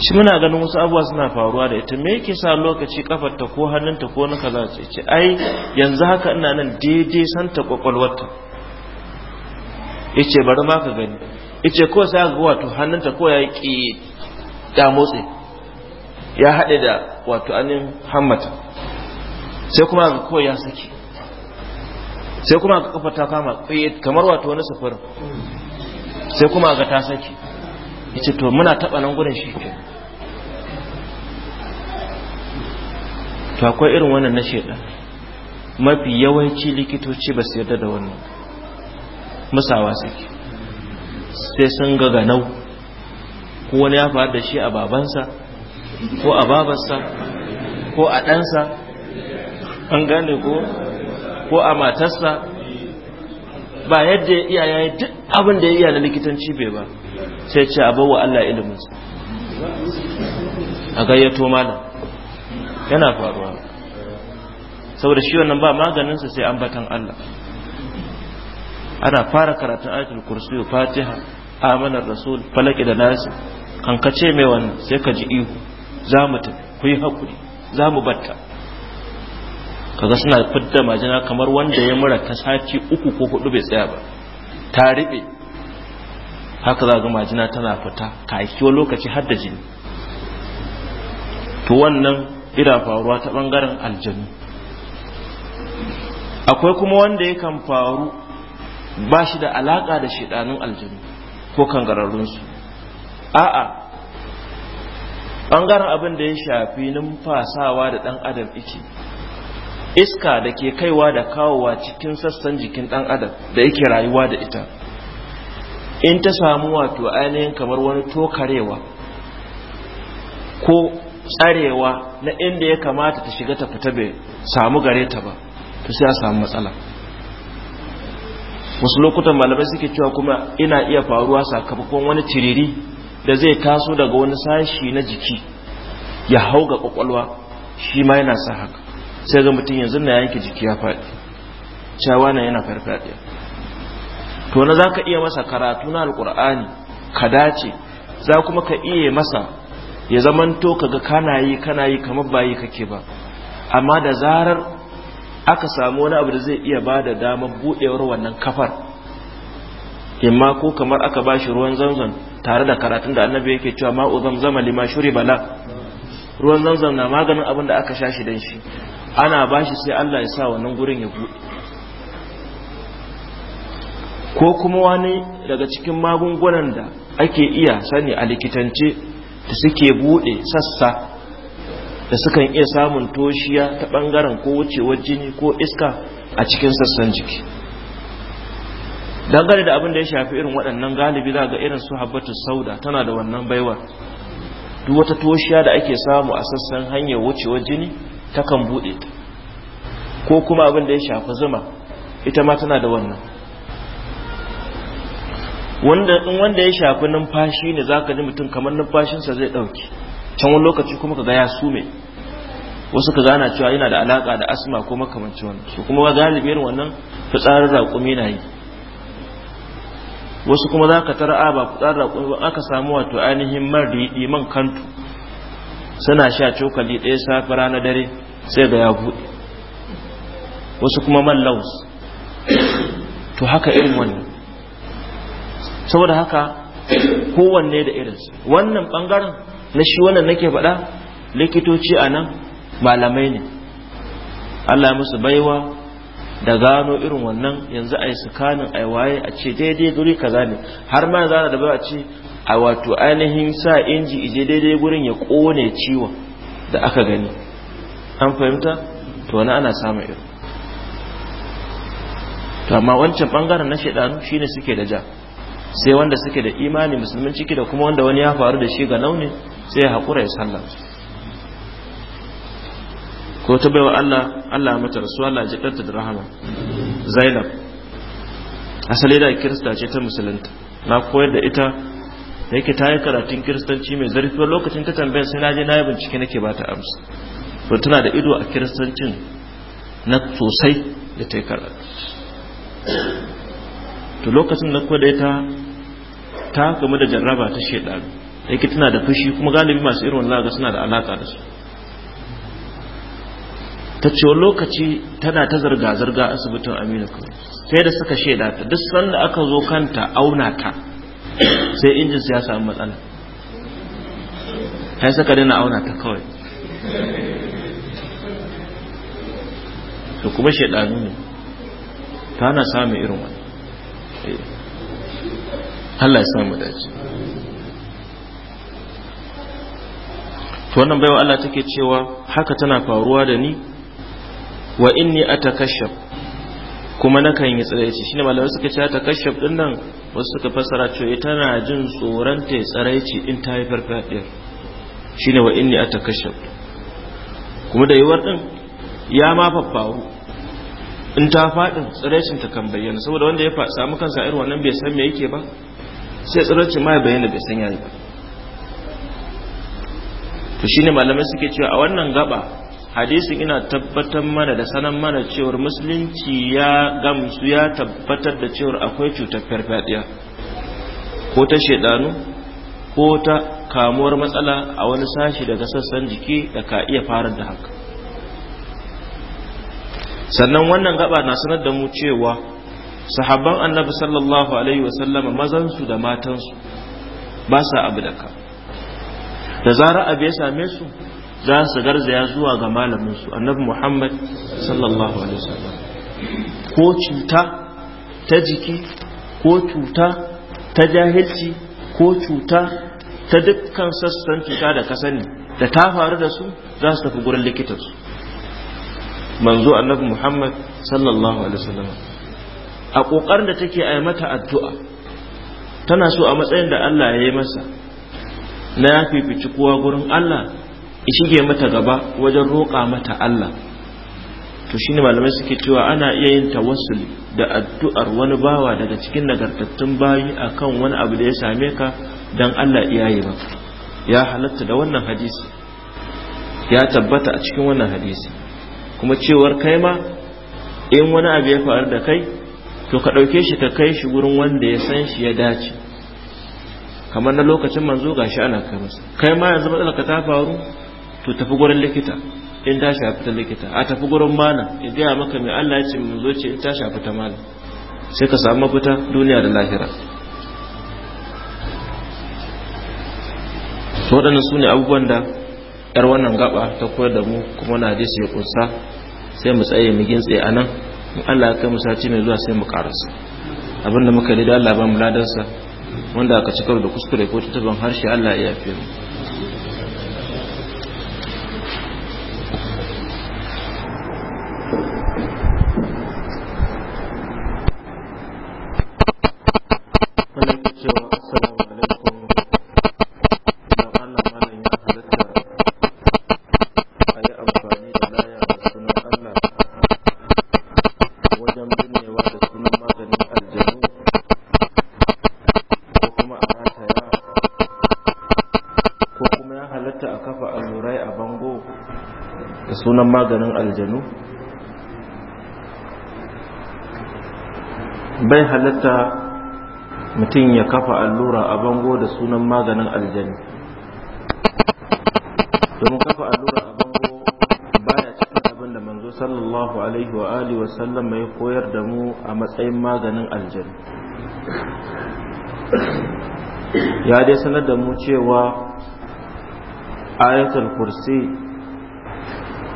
shi muna ganin wasu abubuwa suna faruwa da ita me yake sa lokaci kafarta ko hannunta ko na kaza ce ce ai yanzu haka ina nan daidai ta kwakwalwarta yace bari ma ka gani yace ko sai ga wato hannunta ko ya ki da motsi ya hade da wato anin hammata sai kuma ga ko ya saki sai kuma ga kafa ta kama kamar wato wani sufurin sai kuma ga ta saki yace to muna taɓa nan gurin shi ke to akwai irin wannan na sheda mafi yawanci likitoci ba su yarda da wannan musawa suke sai sun ga nau. ko wani ya faru da shi a babansa ko a babarsa ko a ɗansa an gane ko ko a matarsa ba yadda iyaye duk abin da ya iya na likitanci bai ba sai ce a bawa Allah iliminsa a gayyato malam yana faruwa saboda shi wannan ba maganinsa sai ambatan Allah ana fara karatun ayatul kursiyu fatiha amanar rasul falaki da nasi kankace mai wannan sai ka ji ihu za mu tafi ku yi hakuri za mu batta kaga suna fidda majina kamar wanda ya mura ta sati uku ko hudu bai tsaya ba ta riɓe haka za ga majina tana fita ka wani lokaci har da jini to wannan ira faruwa ta bangaren aljanu akwai kuma wanda ya kan faru ba shi da alaka da shidanun aljanu ko kangararrunsu a'a bangaren abin da ya shafi numfasawa da dan adam iki iska da ke kaiwa da kawowa cikin sassan jikin dan adam da yake rayuwa da ita in ta samu wato ainihin kamar wani tokarewa ko tsarewa na inda ya kamata ta shiga ta fita bai samu gare ta ba to sai a samu matsala wasu lokutan malamai suke cewa kuma ina iya faruwa sakamakon wani tiriri da zai taso daga wani sashi na jiki ya hau ga kwakwalwa shi ma yana sa haka sai ga mutum yanzu na yanke jiki ya faɗi cewa na yana farfaɗiya to na ka iya masa karatu na alqur'ani ka dace za kuma ka iya masa ya zamanto kaga kana yi kana yi kamar bayi kake ba amma da zarar aka samu wani abu da zai iya ba da damar budewar wannan kafar imma ko kamar aka bashi ruwan zanzan tare da karatun da annabi yake cewa uzam zamzama lima shuri bala ruwan zanzan na maganin abin da aka sha shi dan shi ana bashi sai Allah ya sa wannan gurin ya bude ko kuma wani daga cikin magungunan da ake iya sani a likitance da suke buɗe sassa da sukan iya samun toshiya ta ɓangaren ko wucewar jini ko iska a cikin sassan jiki dangane da abin da ya shafi irin waɗannan galibi za ga irin su habbatu sauda tana da wannan baiwar duk wata toshiya da ake samu a sassan hanyar wucewar jini takan buɗe ta ko kuma abin da ya shafi zuma ita ma tana da wannan wanda in wanda ya shafi numfashi ne zaka ji mutum kamar numfashinsa zai dauke can wani lokaci kuma kaga ya sume wasu ka gana cewa yana da alaka da asma ko makamanci wani su kuma ba galibi irin wannan fitsarin raƙumi na yi wasu kuma za ka tara a ba fitsarin raƙumi ba aka samu wato ainihin mardi man kantu suna sha cokali ɗaya safi rana dare sai ga ya buɗe wasu kuma man laus to haka irin wannan saboda haka kowanne da irinsu wannan bangaren na shi wannan nake faɗa likitoci a nan malamai ne Allah musu baiwa da gano irin wannan yanzu a yi sukanin a waye a ce daidai guri kaza ne har ma zana da ba a ce a wato ainihin sa inji ije daidai gurin ya kone ciwon da aka gani an fahimta to wani ana samun irin to amma wancan bangaren na shaidanu shine suke da ja sai wanda suke da imani musulmin ciki da kuma wanda wani ya faru da shi ga launi sai ya haƙura ya sallah ko ta baiwa Allah Allah mata rasu Allah jikarta da rahama Zainab asali da kirista ce ta musulunta na koyar da ita da yake ta yi karatun kiristanci mai zarfi lokacin ta tambayar sai na je na yi bincike nake ba ta amsa to tana da ido a kiristancin na sosai da ta yi karatu to lokacin na koyar da ita ta game da jarraba ta shaidan yake tana da fushi kuma galibi masu irin wannan ga suna da alaka da su ta ce lokaci tana ta zarga zarga asibitin aminu sai da suka shaida ta duk sanda aka zo kanta auna ta sai injin ya samu matsala sai suka dina auna ta kawai to kuma shaidanu ne ta na samun irin wani Allah ya samu dace to wannan baiwa Allah take cewa haka tana faruwa da ni wa inni atakashaf kuma na kan yi tsiraici shine malamai suka ce atakashaf din nan wasu suka fassara cewa tana jin tsoron ta tsaraici in ta yi farfadiyar shine wa inni atakashaf kuma da yiwuwar din ya ma faffawo in ta faɗin tsiraicin ta kan bayyana saboda wanda ya samu kansa irin wannan bai san me yake ba sai tsirarci ma ya bayyana bai san yayi ba to shine malamai suke cewa a wannan gaba hadisin ina tabbatar mana da sanan mana cewar musulunci ya gamsu ya tabbatar da cewar akwai cutar farfadiya ko ta shedanu ko ta kamuwar matsala a wani sashi daga sassan jiki da ka iya farar da haka sannan wannan gaba na sanar da mu cewa sahabban annabi sallallahu alaihi wasallama mazansu da matansu ba sa abu da ka da zara abu ya same su za su garzaya zuwa ga malaminsu annabi muhammad sallallahu alaihi wasallam ko cuta ta jiki ko cuta ta jahilci ko cuta ta dukkan sassan cuta da ka sani da ta faru da su za su tafi gurin likitansu manzo annabi muhammad sallallahu alaihi wasallam a ƙoƙarin da take a mata addu'a tana so a matsayin da Allah ya yi masa na ya fifici kowa gurin Allah ya shige mata gaba wajen roƙa mata Allah to shi ne malamai suke cewa ana iya yin tawassul da addu'ar wani bawa daga cikin nagartattun bayi kan wani abu da ya same ka don Allah iya yi ba ya halatta da wannan hadisi ya tabbata a cikin wannan hadisi kuma cewar kai ma in wani abu ya faru da kai to ka ɗauke shi ka kai shi wurin wanda ya san shi ya dace kamar na lokacin manzo gashi ana kai masa kai ma yanzu matsala ka ta faru to tafi gurin likita in ta shafi ta likita a tafi gurin malam in gaya maka mai Allah ya ce manzo ce in ta shafi ta malam sai ka samu mafita duniya da lahira To waɗannan su ne abubuwan da yar wannan gaba ta koyar da mu kuma na su ya kusa sai mu tsaye mu gintse a nan in Allah ya kai mu sati mai zuwa sai mu karasa abinda muka yi da Allah ba mu ladansa wanda aka cikar da kuskure ko tattaban harshe Allah ya yafe mu bai halatta mutum ya kafa allura a bango da sunan maganin aljani domin kafa allura a bango baya cikin abin da manzo sallallahu alaihi wa wa sallam mai koyar da mu a matsayin maganin aljani ya dai sanar da mu cewa ayatul kursi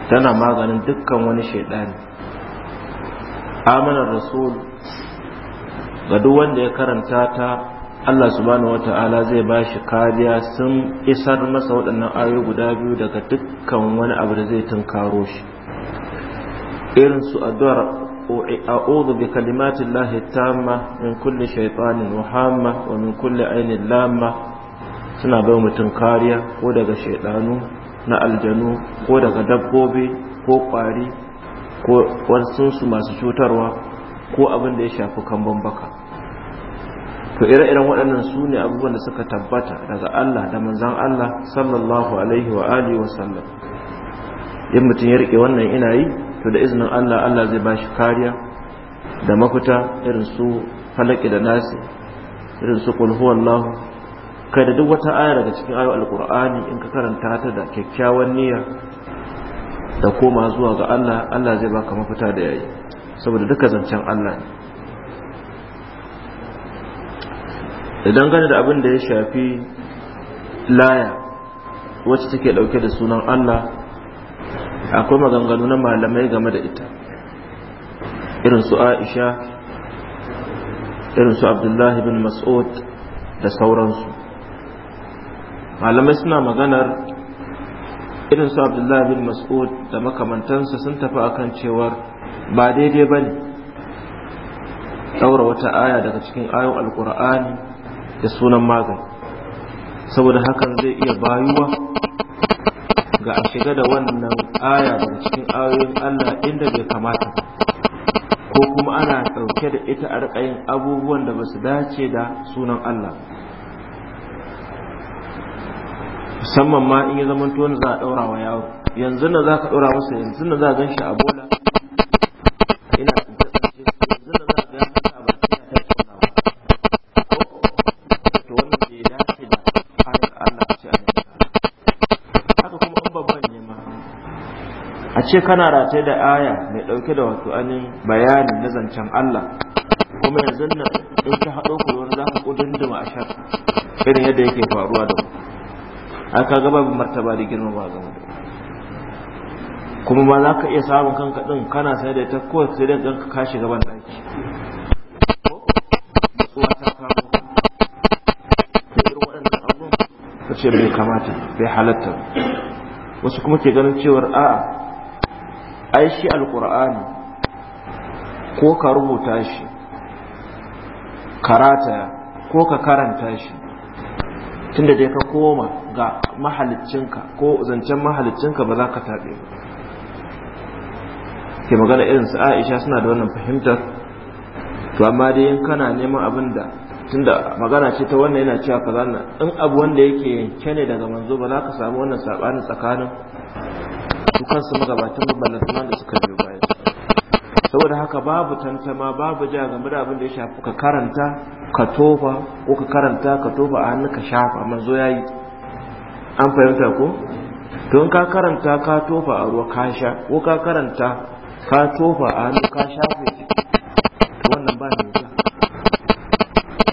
tana maganin dukkan wani shaidani amanar rasul ga duk wanda ya karanta ta Allah subhanahu wata'ala zai ba shi kariya sun isar masa waɗannan ayoyi guda biyu daga dukkan wani abu da zai tunkaro shi irin su addu'ar أعوذ بكلمات tamma min kulli shaytanin wahamma wa min kulli عين Lamma suna bai mutum kariya ko daga shaidanu na aljanu ko daga dabbobi ko kwari ko wasu masu cutarwa ko abin da ya shafi kambon baka to ire-iren waɗannan su ne abubuwan da suka tabbata daga Allah da manzan Allah sallallahu alaihi wa alihi wa sallam in mutum ya rike wannan ina yi to da izinin Allah Allah zai ba shi kariya da mafita irin su falaki da nasi irin su qul huwallahu kai da duk wata aya daga cikin ayoyin alqur'ani in ka karanta ta da kyakkyawan niyya da koma zuwa ga Allah Allah zai baka mafita da yayi saboda duka zancen Allah ne idan gane da abin da ya shafi laya wacce take dauke da sunan Allah akwai maganganu na malamai game da ita irin su Aisha irin su Abdullahi bin Mas'ud da sauransu malamai suna maganar irin su Abdullahi bin Mas'ud da makamantansa sun tafi akan cewar ba daidai ba ne ɗaura wata aya daga cikin ayon alkur'ani da sunan magani saboda hakan zai iya bayuwa ga a shiga da wannan aya daga cikin ayoyin allah inda bai kamata ko kuma ana ɗauke da ita a abubuwan da ba su dace da sunan allah musamman ma in ya zama za a ɗaura wa yawon yanzu na za ka ɗaura masa yanzu na za a gan shi a bola ce kana rataye da aya mai ɗauke da wato anin bayani na zancen Allah kuma yanzu nan in ka haɗo ku wani za ka ƙudunduma a shar irin yadda yake faruwa da ku aka gaba bin martaba da girma ba zama kuma ba za ka iya samun kanka ɗin kana sai da ta kowace sai da ganka ka shiga ban ɗaki ce bai kamata bai halatta wasu kuma ke ganin cewar a'a ai shi alkur'ani ko ka rubuta shi karata ko ka karanta shi tunda dai ka koma ga mahalicinka ko zancen mahalicinka ba za ka taɓe ba ke magana irin su aisha suna da wannan fahimtar to amma dai in kana neman abin da tunda magana ce ta wannan yana cewa kaza in abu wanda yake yanke ne daga manzo ba za ka samu wannan sabanin tsakanin su kansu magabatan maballatan da suka biyo baya saboda haka babu tantama babu ja game da abin da ya shafi ka karanta ka tofa ko ka karanta ka tofa a hannu ka shafa manzo yayi an fahimta ko don ka karanta ka tofa a ruwa ka sha ko ka karanta ka tofa a hannu ka shafa to wannan ba ne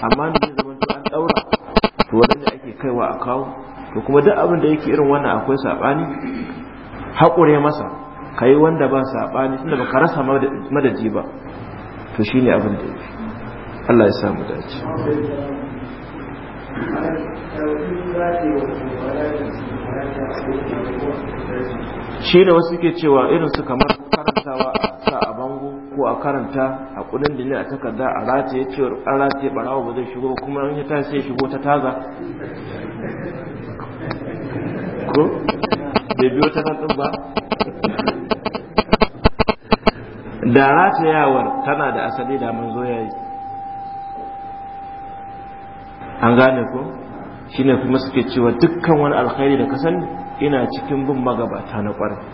amma ne zai zama an daura to wanda ake kaiwa a kawo to kuma duk abin da yake irin wannan akwai sabani haƙure masa ka yi wanda ba saɓani tunda ba ka rasa madaji ba to shi ne abin da ya Allah ya samu dace shi da wasu ke cewa irin su kamar karantawa a sa a bango ko a karanta a kudin dile a takarda a rataye cewar an rataye barawa ba zai shigo kuma an yi ta sai shigo ta taza. bai biyo ta nan ba da yawar tana da asali da mun zo yayi an gane ko shine kuma suke cewa dukkan wani alkhairi da kasan ina cikin bin magabata na kwarai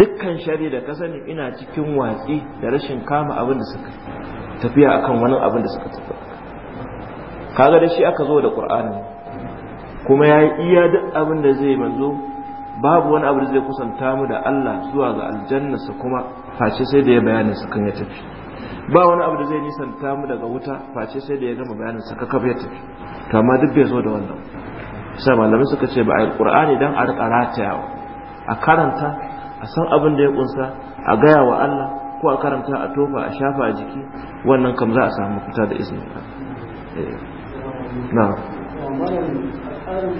dukkan shari da kasan ina cikin watsi da rashin kama abin da suka tafiya akan wani abin da suka tafi kaga da shi aka zo da qur'ani kuma ya yi iya duk abin da zai manzo babu wani abu da zai kusanta mu da Allah zuwa ga aljannarsa kuma face sai da ya bayanin sa kan ya tafi ba wani abu da zai nisanta mu daga wuta face sai da ya gama bayanin sa kakaf ya tafi to amma duk bai zo da wannan sai malamai suka ce ba a qur'ani dan a rika ratayawa a karanta a san abin da ya kunsa a gaya wa Allah ko a karanta a tofa a shafa a jiki wannan kam za a samu fita da izinin eh. na tsarin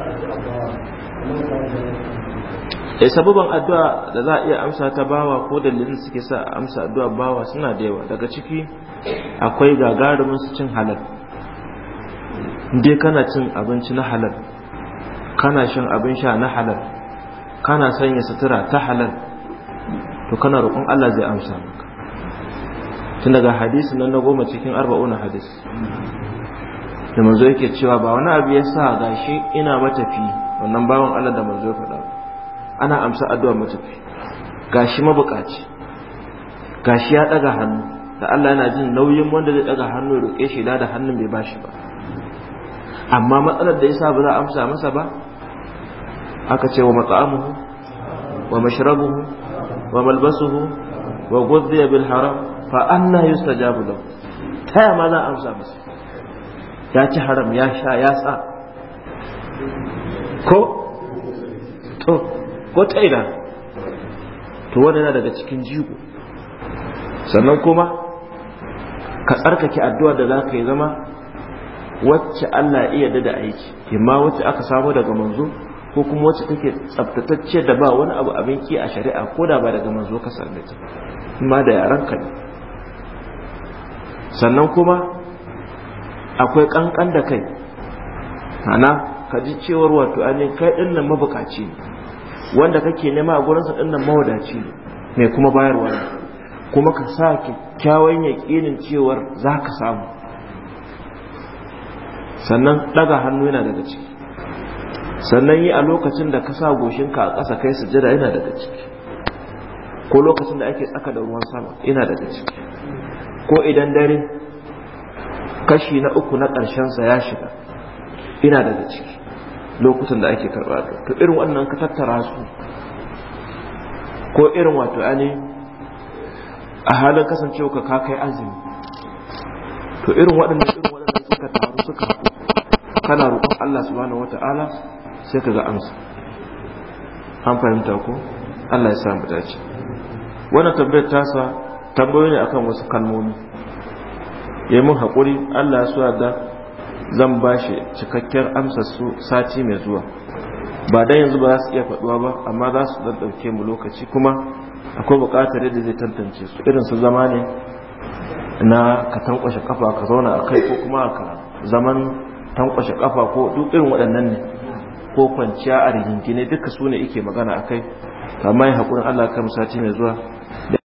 addu'a da eh, sababan addu'a da za a iya amsa ta bawa ko dalilin suke sa amsa addu'a bawa suna da yawa daga ciki akwai gagarumin su cin halal dai kana cin abinci na halal kana shan abin sha na halal kana sanya sutura ta halal to kana roƙon Allah zai amsa tun daga hadisi nan na goma cikin arba'una hadisi da manzo yake cewa ba wani abu ya sa gashi ina matafi wannan bawan Allah da manzo faɗa ana amsa addu'a matafi gashi mabukaci gashi ya ɗaga hannu da Allah yana jin nauyin wanda zai ɗaga hannu ya roƙe shi da hannun bai bashi ba amma matsalar da ya sa ba za a amsa masa ba aka ce wa matsa'amuhu wa mashrabuhu wa malbasuhu wa ghudhiya bil haram fa anna yustajabu lahu ta ma za a amsa musu ya ci haram ya sha ya sa ko to ko ta ina to wannan daga cikin jigo sannan kuma ka tsarkake addu'a da za ka yi zama wacce Allah iya da aiki imma wacce aka samu daga manzo ko kuma wacce take tsabtatacce da ba wani abu abin ki a shari'a ko da ba daga manzo ka same ta amma da yaran ka ne sannan kuma akwai kankan da kai ana ka ji cewar wato ne kai din nan mabukaci ne wanda kake nema a gurinsa din mawadaci ne mai kuma bayarwa ne kuma ka sa kyakkyawan yaƙinin cewar za ka samu sannan ɗaga hannu yana daga ciki sannan yi a lokacin da ka sa goshinka a ƙasa kai sujada yana daga ciki ko lokacin da ake tsaka da ruwan sama yana daga ciki ko idan dare kashi na uku na ƙarshensa ya shiga ina daga ciki lokutan da ake karɓa to irin wannan ka tattara su ko irin wato ani a halin kasancewa ka kai azumi to irin waɗannan, irin waɗannan suka taru suka kana roƙon Allah subhanahu wata'ala sai ka ga amsa an fahimta ko Allah ya sa mu dace wannan tabbayar tasa tambayoyi ne akan wasu kalmomi ya mun haƙuri allah su da zan ba shi cikakkiyar amsar su sati mai zuwa ba dan yanzu ba za su iya faɗuwa ba amma za su dan ɗauke mu lokaci kuma akwai buƙatar yadda zai tantance su irin su zama ne na ka tankwashe kafa ka zauna a kai ko kuma ka zaman tankwashe kafa ko duk irin waɗannan ne ko kwanciya a rigingine duka su ne ike magana a kai amma ya haƙurin allah kan sati mai zuwa